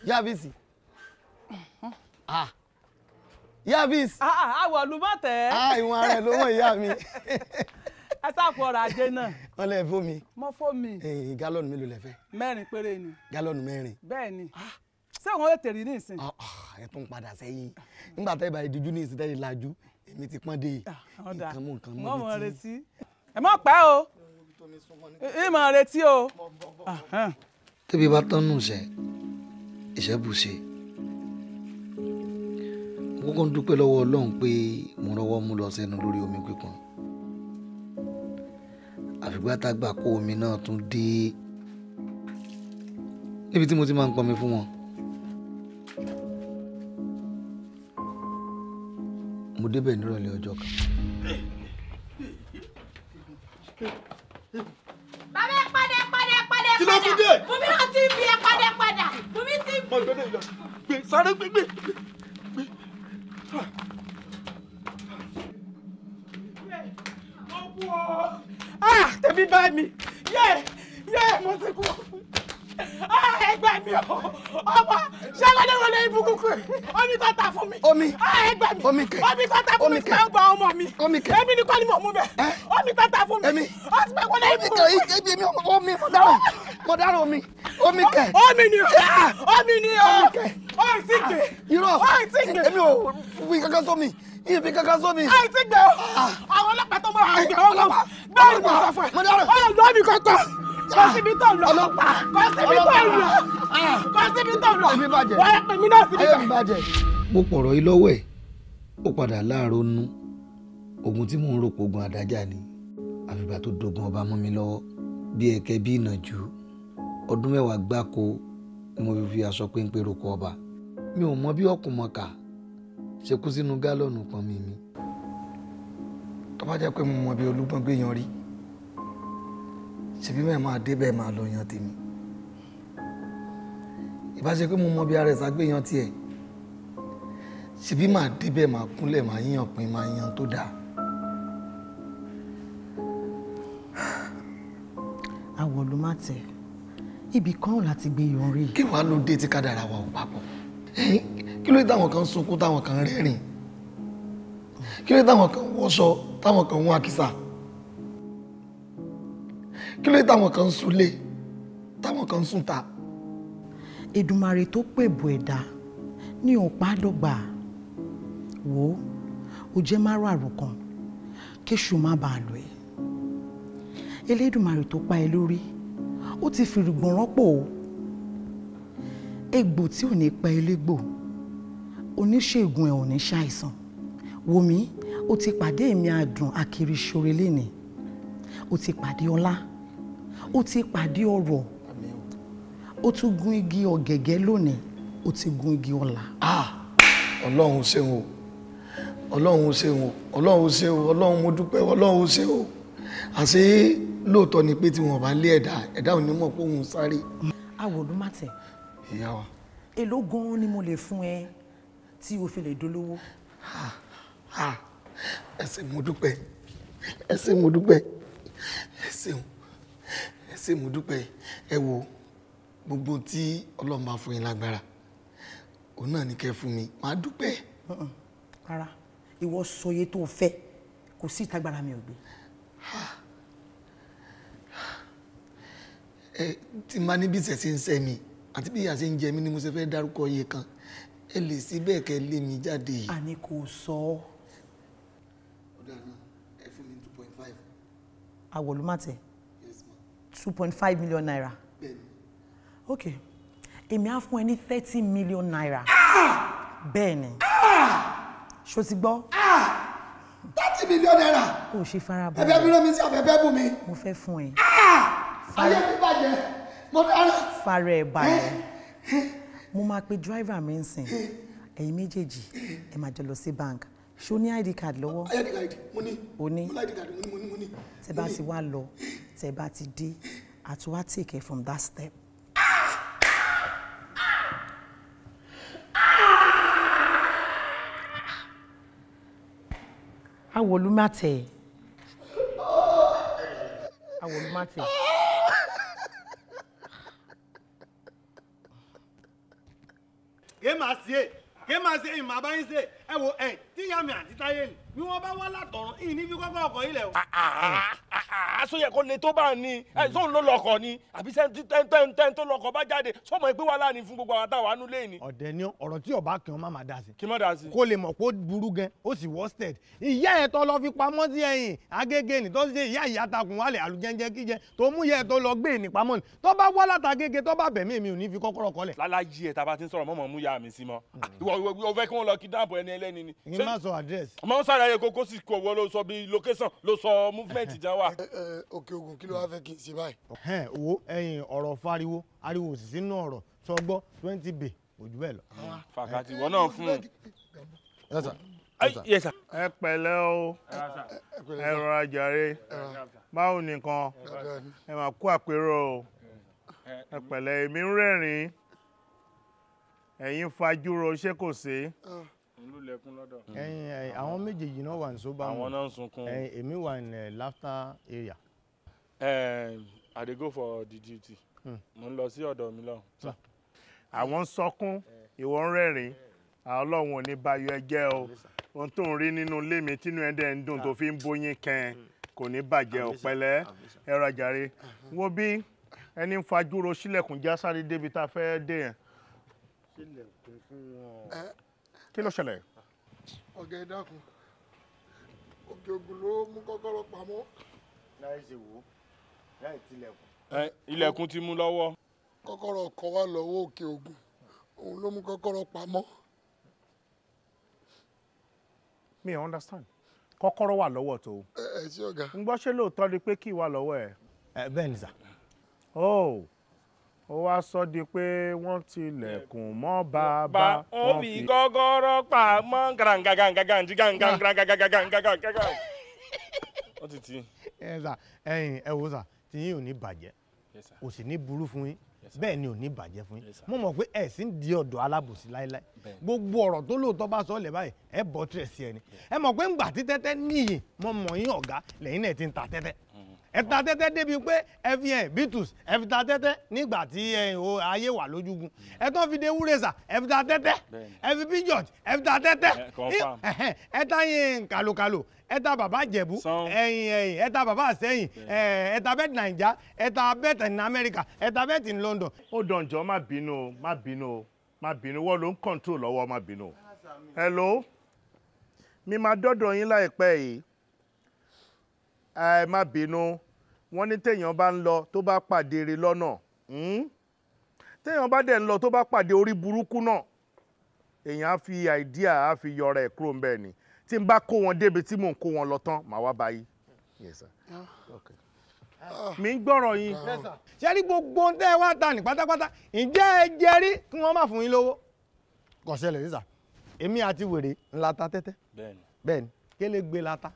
yáàbìsì ah. yáàbìsì. àwọ̀ ah, ah, olùmọ̀tẹ́. ìwọ̀n ara ẹ̀ ló wọ̀n ìyá mi. ẹ sáàpọ̀ ọ̀rọ̀ ajé náà. wọ́n lè fó mi. mo fó mi. gálọ́ọ̀nù mélòó lẹ fẹ́. mẹ́rin péré ni. gálọ́ọ̀nù mẹ́rin. bẹ́ẹ̀ ni ṣé wọn yóò tèrè ní ìsìn ẹ tún padà sẹ́yìn nígbà tẹ́ bá ìdíjú ní ìsìtẹ́ ìlàjú èmi ti pọ́n dé ah, nǹkan mú nǹkan mọ́ létí. ẹ mọ̀ pẹ́ o ìmọ̀ retí o. tẹ́bí bá tán nù sẹ́ iṣẹ́ bù ṣe mo kọ́kọ́ ń dúpẹ́ lọ́wọ́ Ọlọ́run pé mo rọwọ́ mú lọ sẹ́nu lórí omi pípọ́n àfìgbà tá a gbà kó omi náà tún dé níbi tí mo ti máa ń pọnmi fún wọn. mo débẹ̀ nírọ̀lẹ́ ọjọ́ kan. bàbá ẹ padà padà padà padà bùnmi náà ti fi ẹ padà padà bùnmi ti. mọ ìgbẹ́lẹ̀ ìyá gbé sáré gbé gbé gbé. ó kú ọ ah, tẹ̀mí bá mi yẹ yẹ mo ti kú ẹ gbà mí o ọmọ ṣẹlẹdẹ wọlé ibùkúkú omi kan ta fún mi omi ẹ gbà omi kẹ omi kan ta fún mi fẹ́ gba ọmọ mi omi kẹ èmi ni kọ́ni mọ̀ mú bẹ omi kan ta fún mi èmi ọtí pé wọlé ibùkúkú omi kẹ ibi omi mo dára mo dára omi omi kẹ omi ni o omi ni o ah, o ti gbé irọ́ èmi ò wí kankan sómi ibi kankan sómi. ayi ti gbẹ o ah. àwọn ọlọ́pàá tó mọ àwọn ọlọ́pàá bẹ́ẹ̀ ni mo sọ fún ẹ ọlọ́pàá mi kankan kọ síbi tó ń lọ ọlọ́pàá kọ síbi tó ń lọ kọ síbi tó ń lọ wọ́n yẹ pé mi náà síbi tó. mo pọ̀rọ̀ yìí lọ́wọ́ ẹ̀ ó padà láàárọ̀ nú ogun tí mò ń ròpò ogun àdájà ni àfìgbà tó dogun ọba mú mi lọ́wọ́ bí ẹ̀kẹ́ bí ìnàjú ọdún mẹ́wàá gbáko ni mo fi fi aṣọ péńpé roko ọba mi ò mọ bí ọkùnmọ̀kà ṣe kú sínú gálọ́ọ̀nù pọ̀nmi mi tó pé mo mọ bí olúgbọ́n gbéyan rí ṣebí mẹ́ẹ̀ máa dé bẹ́ẹ̀ máa lọ yan tèmi ìbáṣe pé mo mọ bí ara ẹ̀ ságbé yan tiẹ̀ ṣebí máa dé bẹ́ẹ̀ máa kúnlẹ̀ máa yíyan pin máa yan tó dáa. àwọ̀ ló má tẹ̀ ibì kan láti gbé yan rí. kí wàá ló dé tí kádàrá wa ò papọ̀ kí ló dé táwọn kan sunkún táwọn kan rẹ́rìn kí ló dé táwọn kan wọṣọ táwọn kan wọ àkísà kí ló táwọn kan ń súnlé táwọn kan ń sùn ta. Èdùmàrè tó pèbò ẹ̀dá ní ọ̀pá dọ́gba wò ó ó jẹ́ márùn àròkàn kéṣù má bàa lọ ẹ́ Elédùmarè tó pa ẹ lórí ó ti fìrìgbọ̀n rọ́pò o egbò tí ò ní pa elégbò oníṣègùn ẹ̀ ò ní ṣàìsàn wòmí o ti pàdé èmi àdùn àkèrè ìṣòro lẹ́nìí o ti pàdé ọlá ó ti pàdé ọ̀rọ̀ ó tún gun igi ọ̀gẹ̀gẹ̀ lónìí ó ti gun igi ọ̀la. Ah! ọlọ́run ṣeun o ọlọ́run ṣeun o ọlọ́run ṣeun o ọlọ́run mo dúpẹ́ ọlọ́run ṣeun o àṣé lóòótọ́ ni pé tí wọ́n bá lé ẹ̀dá ẹ̀dá ò ní mọ̀ pé òun sáré. àwòrán má tẹ̀. ìyá wa. èló gan-an ni mo lè fún ẹ tí o fi lè dolówó. Ah! Ah! ẹ ṣé mo dúpẹ́ ẹ mo dúpẹ́ ẹ ṣeun ṣé mo dúpẹ́ ẹ wo gbogbo tí ọlọ́run bá fún yín lágbára òun náà ní kẹ́ fún mi màá dúpẹ́. Uh-uh. rárá ìwọ sọ iye tó fẹ́ kò sí ìtagbára mi ò gbé. ẹ ti máa ní bí ìṣẹ̀ṣe ń ṣẹ́ mi àti bí ìyà ń jẹ mí ni mo ṣe fẹ́ dárúkọ iye kan ẹ lè sí bẹ́ẹ̀ kẹ́ lé mi jáde yìí. àní kò sọ ọ̀dà náà ẹ fún mi two point five. àwọ̀ ló má tẹ̀. 2.5 million naira Okay. èmi á fún ẹ ní thirty million naira bẹ́ẹ̀ ni ṣó ti gbọ́. thirty million naira. o ṣe farabalẹ̀. ẹ̀bẹ̀ mi rán mi sí abẹ́bẹ́ bù mi. mo fẹ́ fún ẹ. ayé mi bàjẹ́ mo dára. fara ẹ̀ balẹ̀ eh, eh. mo máa pe driver mi ń sìn eh. ẹ̀yin méjèèjì ẹ máa jọ lọ sí bank ṣó ní id card lọ́wọ́. id card mo ní. o ní. mo ní id card mo ní mo ní. tẹ bá ti wá lọ tẹ́ bá ti dé àtúwá take it from that step. awolumate awolumate. kí màá sí è kí màá sí è màá bá yín sí è ẹ wo ẹ tíyàmì àti táyé ni bí wọn bá wá látọrun ìyìn níbi kọ́kọ́ ọkọ̀ ilẹ̀ o. aṣọ ah, ah, ah, yẹ kó le tó bá a ní ẹsùn ló lọkọ ni àbí tẹ́ntẹ́ntẹ́n tó lọkọ bá jáde sọmọ ẹgbẹ́ wa láàánú fún gbogbo àwọn táwa nú ni. ọ̀dẹ̀ ni ọ̀rọ̀ tí ọba kan máa ma da sí. kí má da sí. kó lè mọ̀ kó burú gan ó sì worsted. ìyá ẹ̀ tó lọ fi pamọ́ sí ẹ̀yìn agége ni tó ṣe ìyá ìyá takùn wálẹ̀ àlùjẹ́njẹ́ kíjẹ tó mú ìyá ẹ̀ tó lọ gbé e ní pamọ́ ni tó bá wá látàgége tó bá bẹ̀mí mi ò ní fi kọ́kọ́rọ́ kọ́lẹ̀. lálájí ẹ̀ tá ya mi sí mọ́ ìwọ lẹ́ni ni. ní má sọ address. ọmọ sáré ayé kókó sì kò wọ́n ló sọ bí location ló sọ movement já wa. òkè ogun kí ló wá fẹ́ kí n ṣe báyìí. ẹ̀hìn owó ẹ̀yìn ọ̀rọ̀ fariwo ariwo òsì sínú ọ̀rọ̀ sọgbọ́ twenty bay ojú bẹ́ẹ̀ lọ. Ah, fàkàtì wọn náà fún un. yes sir. yes sir. ẹ pẹ̀lẹ́ o ẹ rọra jàre báwo nìkan ẹ máa kó àpérò o ẹ pẹ̀lẹ́ èmi ń rẹ́rìn-ín ẹ̀yin fajúro ṣé kò sí ah olùlẹ̀kùn lọ́dọ̀. ẹyin àwọn méjèèjì náà wà ní soba mu àwọn náà ń sunkún. ẹyin èmi wà ní laughter area. I dey go for the duty hmm. mo ń lọ sí ọ̀dọ̀ mi lọ. àwọn ń sọkún ìwọ ń rẹ́rìn-ín ọlọ́run ò ní bayọ̀ ẹjẹ́ o ohun tó ń rí nínú ilé mi tínú ẹ̀dẹ̀ ń dùn tó fi ń bóyin kẹ́ẹ̀ hmm. kò ní bàjẹ́ ọ̀pẹ́lẹ́ ẹ̀rọ àjàre wo bí ẹni ń fajúro sílẹ̀kùn já sáré débi tá a fẹ́ dé yẹn. sílẹ̀kùn fún wọn. kí ló ṣẹlẹ̀. ọ̀gá ẹ òkè ògùn ló mú kọ́kọ́rọ́ pamọ́. láì ṣe wò ó láì ilẹ̀kùn ti mú lọ́wọ́. kọ́kọ́rọ́ wá òkè ògùn òun ló mú kọ́kọ́rọ́ pamọ́. mi ò understand kọ́kọ́rọ́ wà lọ́wọ́ tó. ẹ ẹ ọ̀gá. ń gbọ́ lóòótọ́ ni pé kí ẹ. ẹ bẹ́ẹ̀ ni sà. Oh. ó wá sọ di pé wọ́n tilẹ̀kùn mọ́ bàbá wọ́n fi gọ́gọ́rọ́ pa mọ́ gàràǹgàgàǹgàgàǹjì gàǹgàǹgàgàǹgàgàǹgàgàǹgàgàǹ. ó ti tì í. ẹ sà ẹyin ẹ wo sà tí yín ò ní bàjẹ́ kò sì ní burú fún yín bẹ́ẹ̀ ni ò ní bàjẹ́ fún yín mo mọ̀ pé ẹ̀sìn di ọ̀dọ̀ alábòsí láéláé gbogbo ọ̀rọ̀ tó lóòótọ́ ẹ ta tẹ́tẹ́ débi pé ẹ fi hàn eh, Beatles ẹ fi ta tẹ́tẹ́ nígbà tí eh, ayé wà lójúgun ẹ tán fi dé wúrẹ́sà ẹ fi ta tẹ́tẹ́ ẹ fi pidgeot ẹ fi ta tẹ́tẹ́ ẹ ta yín kàlòkàlò ẹ ta bàbá jẹ̀bú ẹ̀yìn ẹ̀yìn ẹ ta bàbá sẹ́yìn ẹ ta bẹ́ẹ̀tì nàìjà ẹ ta bẹ́ẹ̀tì ní Amẹ́ríkà ẹ ta bẹ́ẹ̀tì ní London. ó dànjọ́ má bínú o má bínú o má bínú wọ́n ló ń kọ́ńtò lọ́wọ́ má bínú o. hello mi máa dọ́dọ̀ yín láìpẹ́ yìí ẹ má bínú wọ́n ní téèyàn bá ń lọ tó bá pàdé eré lọ́nà hmm? téèyàn bá dẹ̀ ń lọ tó bá pàdé orí burúkú náà èèyàn á fi àìdíà á fi yọra ẹ̀ kúrò ńbẹ̀ ni tí n bá kó wọn débi tí mò ń kó wọn lọ tán màá wá báyìí. Yes ah. Okay. mi ń gbọ́rọ̀ yín. ṣé rí gbogbo ohun tẹ́ ẹ wá ta ní pátápátá ǹjẹ́ ẹ jẹ rí kí wọ́n má fún yín lówó. kò ṣẹlẹ̀ sísà èmi àti wèrè ńlá ta tẹ́tẹ́ bẹ́ẹ̀ ni kélégbé la ta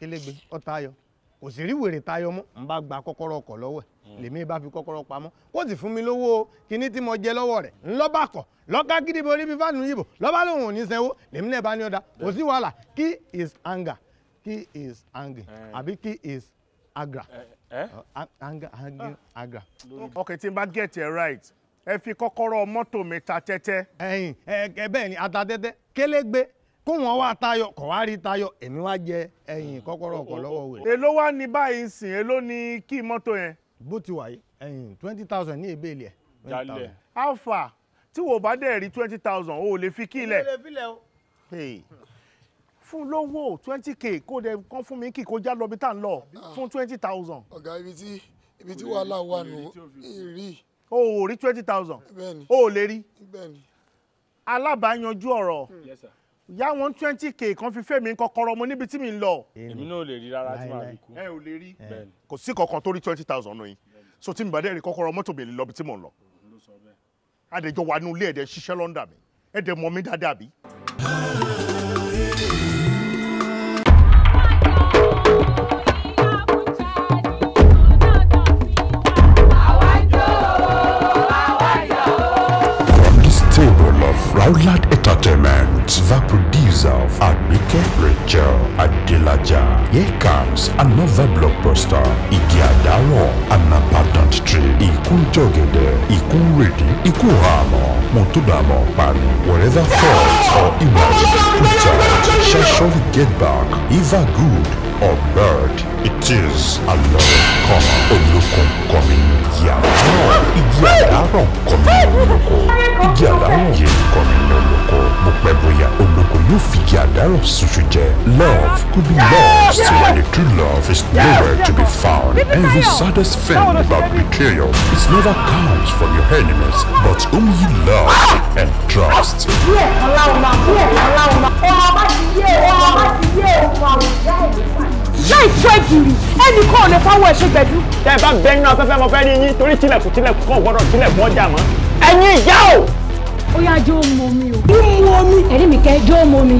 Kélégbé ọ̀tá ayọ̀ kò sì tayọ mọ́ n bá gba kọ́kọ́rọ́ ọkọ̀ lọ́wọ́ ẹ̀ hmm. lèmi bá fi kọ́kọ́rọ́ pamọ́ kó sì fún mi lówó kíní tí mo jẹ lọ́wọ́ rẹ̀ ńlọ́bàkọ̀ Lọ́kà gidi borí fáànù yìí bò lòun ò ní bá ní kò kí is kí is eh. àbí kí is agra eh, eh? Ah. agra. ok tí n bá right kó wọn wá tayọ kọ wá rí tayọ èmi wá jẹ ẹ̀yìn kọ́kọ́rọ́ ọkọ̀ lọ́wọ́ wẹ. èló wá ní báyìí ń sìn èló ní kí mọ́tò yẹn. bó ti wà yìí ẹ̀yìn twenty thousand ní èbè ilẹ̀. jalè alfa tí wò bá dẹ̀ rí twenty thousand o ò lè fi kí ilẹ̀. fún lówó twenty k kó dẹ kán fún mi kí kó já lọ bí tá à lọ fún twenty thousand. ọ̀gá ibi tí ibi tí wàhálà wà nù ìrì. o ò rí twenty thousand. bẹ́ẹ̀ni o ò lè rí. bẹ́ẹ̀ni. alábàáyanjú ọ̀rọ̀. yes sir ìyá wọn twenty k kan fi fẹ́ mi kọ́kọ́rọ́ mo níbi tí mi ń lọ. èmi náà ò lè rí rárá tí màá fi kú. ẹ ò lè rí kò sí kankan tó rí twenty thousand náà yìí so tí mi bá dé rí kọ́kọ́rọ́ mọ́tò mi lè lọ bí tí mò ń lọ. adèjọ wà nínú ilé ẹ̀dẹ̀ ṣiṣẹ́ lọ́ndà mi ẹ̀dẹ̀ mọ̀ mi dáadáa bí. From the stable of Rowland Entertainment. Productions, the producer of Abike Rachel Adelaja. Here comes another blockbuster, Igi Adaro, an abandoned tree. Ikun jogede, ikun ready, ikun hamo, motudamo, pani. Whatever faults or images put out shall surely get back, either good or bad. It is a lot of karma. Olókun kọrin igi àdáràn. coming. àdáràn kọrin olóko. Igi àdáràn yẹn kọrin olóko. Mo pẹ́ bóyá olóko yóò fi igi àdáràn ṣoṣo jẹ. Love could be lost when the true love is nowhere to be found. Every saddest thing about betrayal is never comes from your enemies but whom you love and trust. Díẹ̀ ọ̀la ọ̀la díẹ̀ ọ̀la ọ̀la ọ̀la bá not yé ọ̀la bá ti yé ọ̀la ọ̀la ìyá ẹ̀ nípa láìpẹ́ gìrì ẹnì kan ò lè fáwọn ẹ̀ṣẹ̀ gbẹ̀dú. tẹ́ ẹ bá bẹ nínú afẹ́fẹ́ mo fẹ́ rí yín torí tilẹ̀kùn tilẹ̀kùn kan gbọ́dọ̀ tilẹ̀kùn ọjà mọ́ ẹ̀yin ìyá o. ó yá jẹ́ òun mọ mi o. ó mú omi. ẹ̀rí mi kẹ́ jẹ́ òun mọ mi.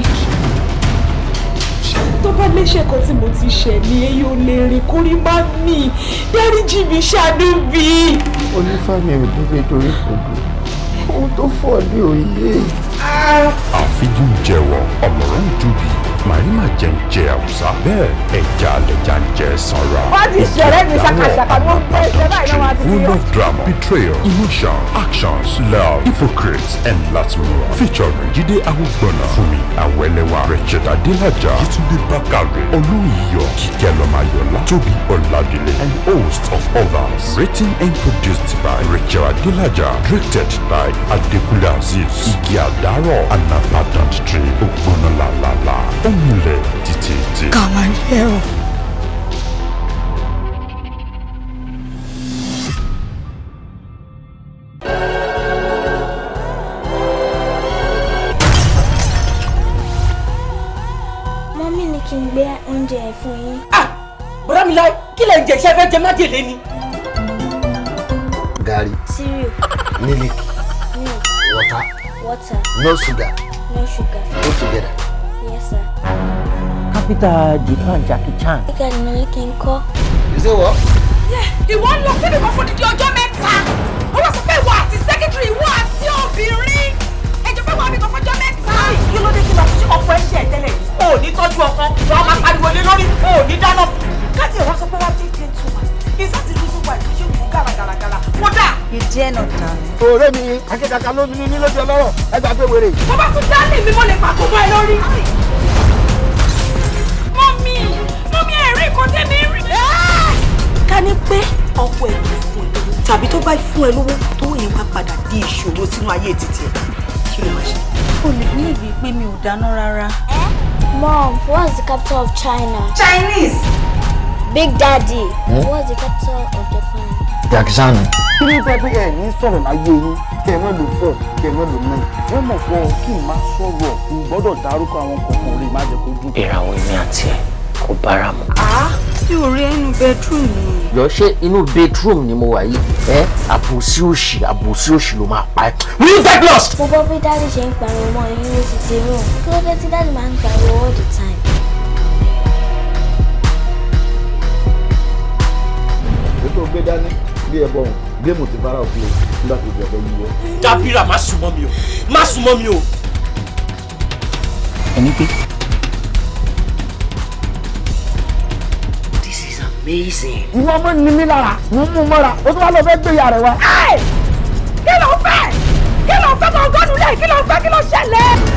tó bá léṣe kan tí mo ti ṣẹ̀ ni èyí ò lè rìn kórí má mi dáríjì mi ṣáájú bí. onífàmì ò dúró torí kò dùn ohun tó fọ́ ní òye. àfijù jẹ̀wọ̀ ọ̀mọ̀ràn jùbí Ismail máa jẹ ń jẹ àwùsá bẹ́ẹ̀ ẹja lẹja ń jẹ sanra. wọ́n ti ṣẹlẹ̀ ṣàkàṣàkà ló ń gbé ìṣẹ́ báyìí náà wá ti full of drama betrayal emotion actions love hypocrites and lots more featuring Jídé Awógbọ̀nà Fúnmi Awẹ́lẹ́wà Rachid Adélájà Yétúndé Bákàrè Olúyiyọ Kíkẹ́ Lọ́màyọ̀lá Tóbi Ọ̀làdìlẹ̀ and host of others written and produced by Rachel Adélájà directed by Adekunle Aziz, Igi Àdárọ̀ and Abadan Street Ògbónà rẹ̀ títí. Gamaliel. mọ́mí ni kí n gbé oúnjẹ ẹ̀ ah bọ́dá mi láì kí lè jẹ iṣẹ́ fẹ́ jẹ májèlé ni. gàrí cereal mílíkì water water no sugar no sugar go together. yes sir. Peter Japan Jackie Chan. I can't You what? Yeah, he your Ìgbà ni mo ní kí n kọ́. Ṣé wọ́? Ìwọ ń lọ síbi kan fún dídí ọjọ́ mẹ́ta. Ó lọ sọ pé ìwọ àti sẹ́kítírì ìwọ àti obìnrin. Ẹjọ́ pé wàá mi kan fọjọ́ mẹ́ta. Kí ló dé kí lọ sí ọkọ ẹṣẹ́ tẹ́lẹ̀? O ò ní tọ́jú ọkọ, wàá máa pariwo lé lórí, o ò ní dáná. Káàdì ìwọ sọ pé wàá tún jẹun tún wà. Ìsáàtì tuntun wà ní ṣé kò gàràgàràgàrà. Mo dà. Ìjẹ́ náà tán. Ọ̀rẹ́ mi, akẹ́kọ̀ọ́ ló ní lójú ọlọ́rọ̀, ẹgbàá pé wèrè. Mo bá tún dálé mi, mo lè pàkó mọ́ ẹ lórí. nǹkan tẹ́mi rí. Ah! ká ní pé ọkọ ẹ̀ kò fún ẹ tàbí tó bá fún ẹ lówó tó yẹn wá padà di ìṣòro sínú ayé títì ẹ kí ló máa ṣe. o lè ní ìwé pé mi ò dáná rárá. Mom, what's the capital of China? Chinese. Big Daddy, hmm? what's the capital of Japan? Jackson. kí ló dé pé ẹ ní sọ̀rọ̀ láyé yín kẹ ẹ fọ kẹ ẹ má lò náà fọ kí n má sọ̀rọ̀ n gbọ́dọ̀ dárúkọ àwọn kọ̀ọ̀kan rẹ̀ ìràwọ̀ èmi àti ẹ̀ kò bára mu. tí ah, ò rí ẹnu bedroom ni. yọ ṣé inú bedroom ni mo wà yìí ẹ àbòsí òṣì àbòsí òṣì ló máa pa ẹ. will you get lost. mo gbọ́ bí dáàdì ṣe ń pariwo mọ́ ẹni ló ti dé rò kí ló dé tí dáàdì máa ń pariwo all the time. èyí tó gbé dání bí ẹ bọ̀ wọn géèmù ti fara òfin o nígbà tó di ọ̀bẹ yíyọ. dábìrà má sùn mọ́ mi o má sùn mọ́ mi o. ẹni pé amazing. ìwọ ọmọ ni mí lára mo mú un mọ́ra o tún wá lọ fẹ́ gbé ìyá rẹ wá. kí ló fẹ́ kí ló fẹ́ mọ ọgọ́dún lẹ́yìn kí ló fẹ́ kí ló ṣẹlẹ̀.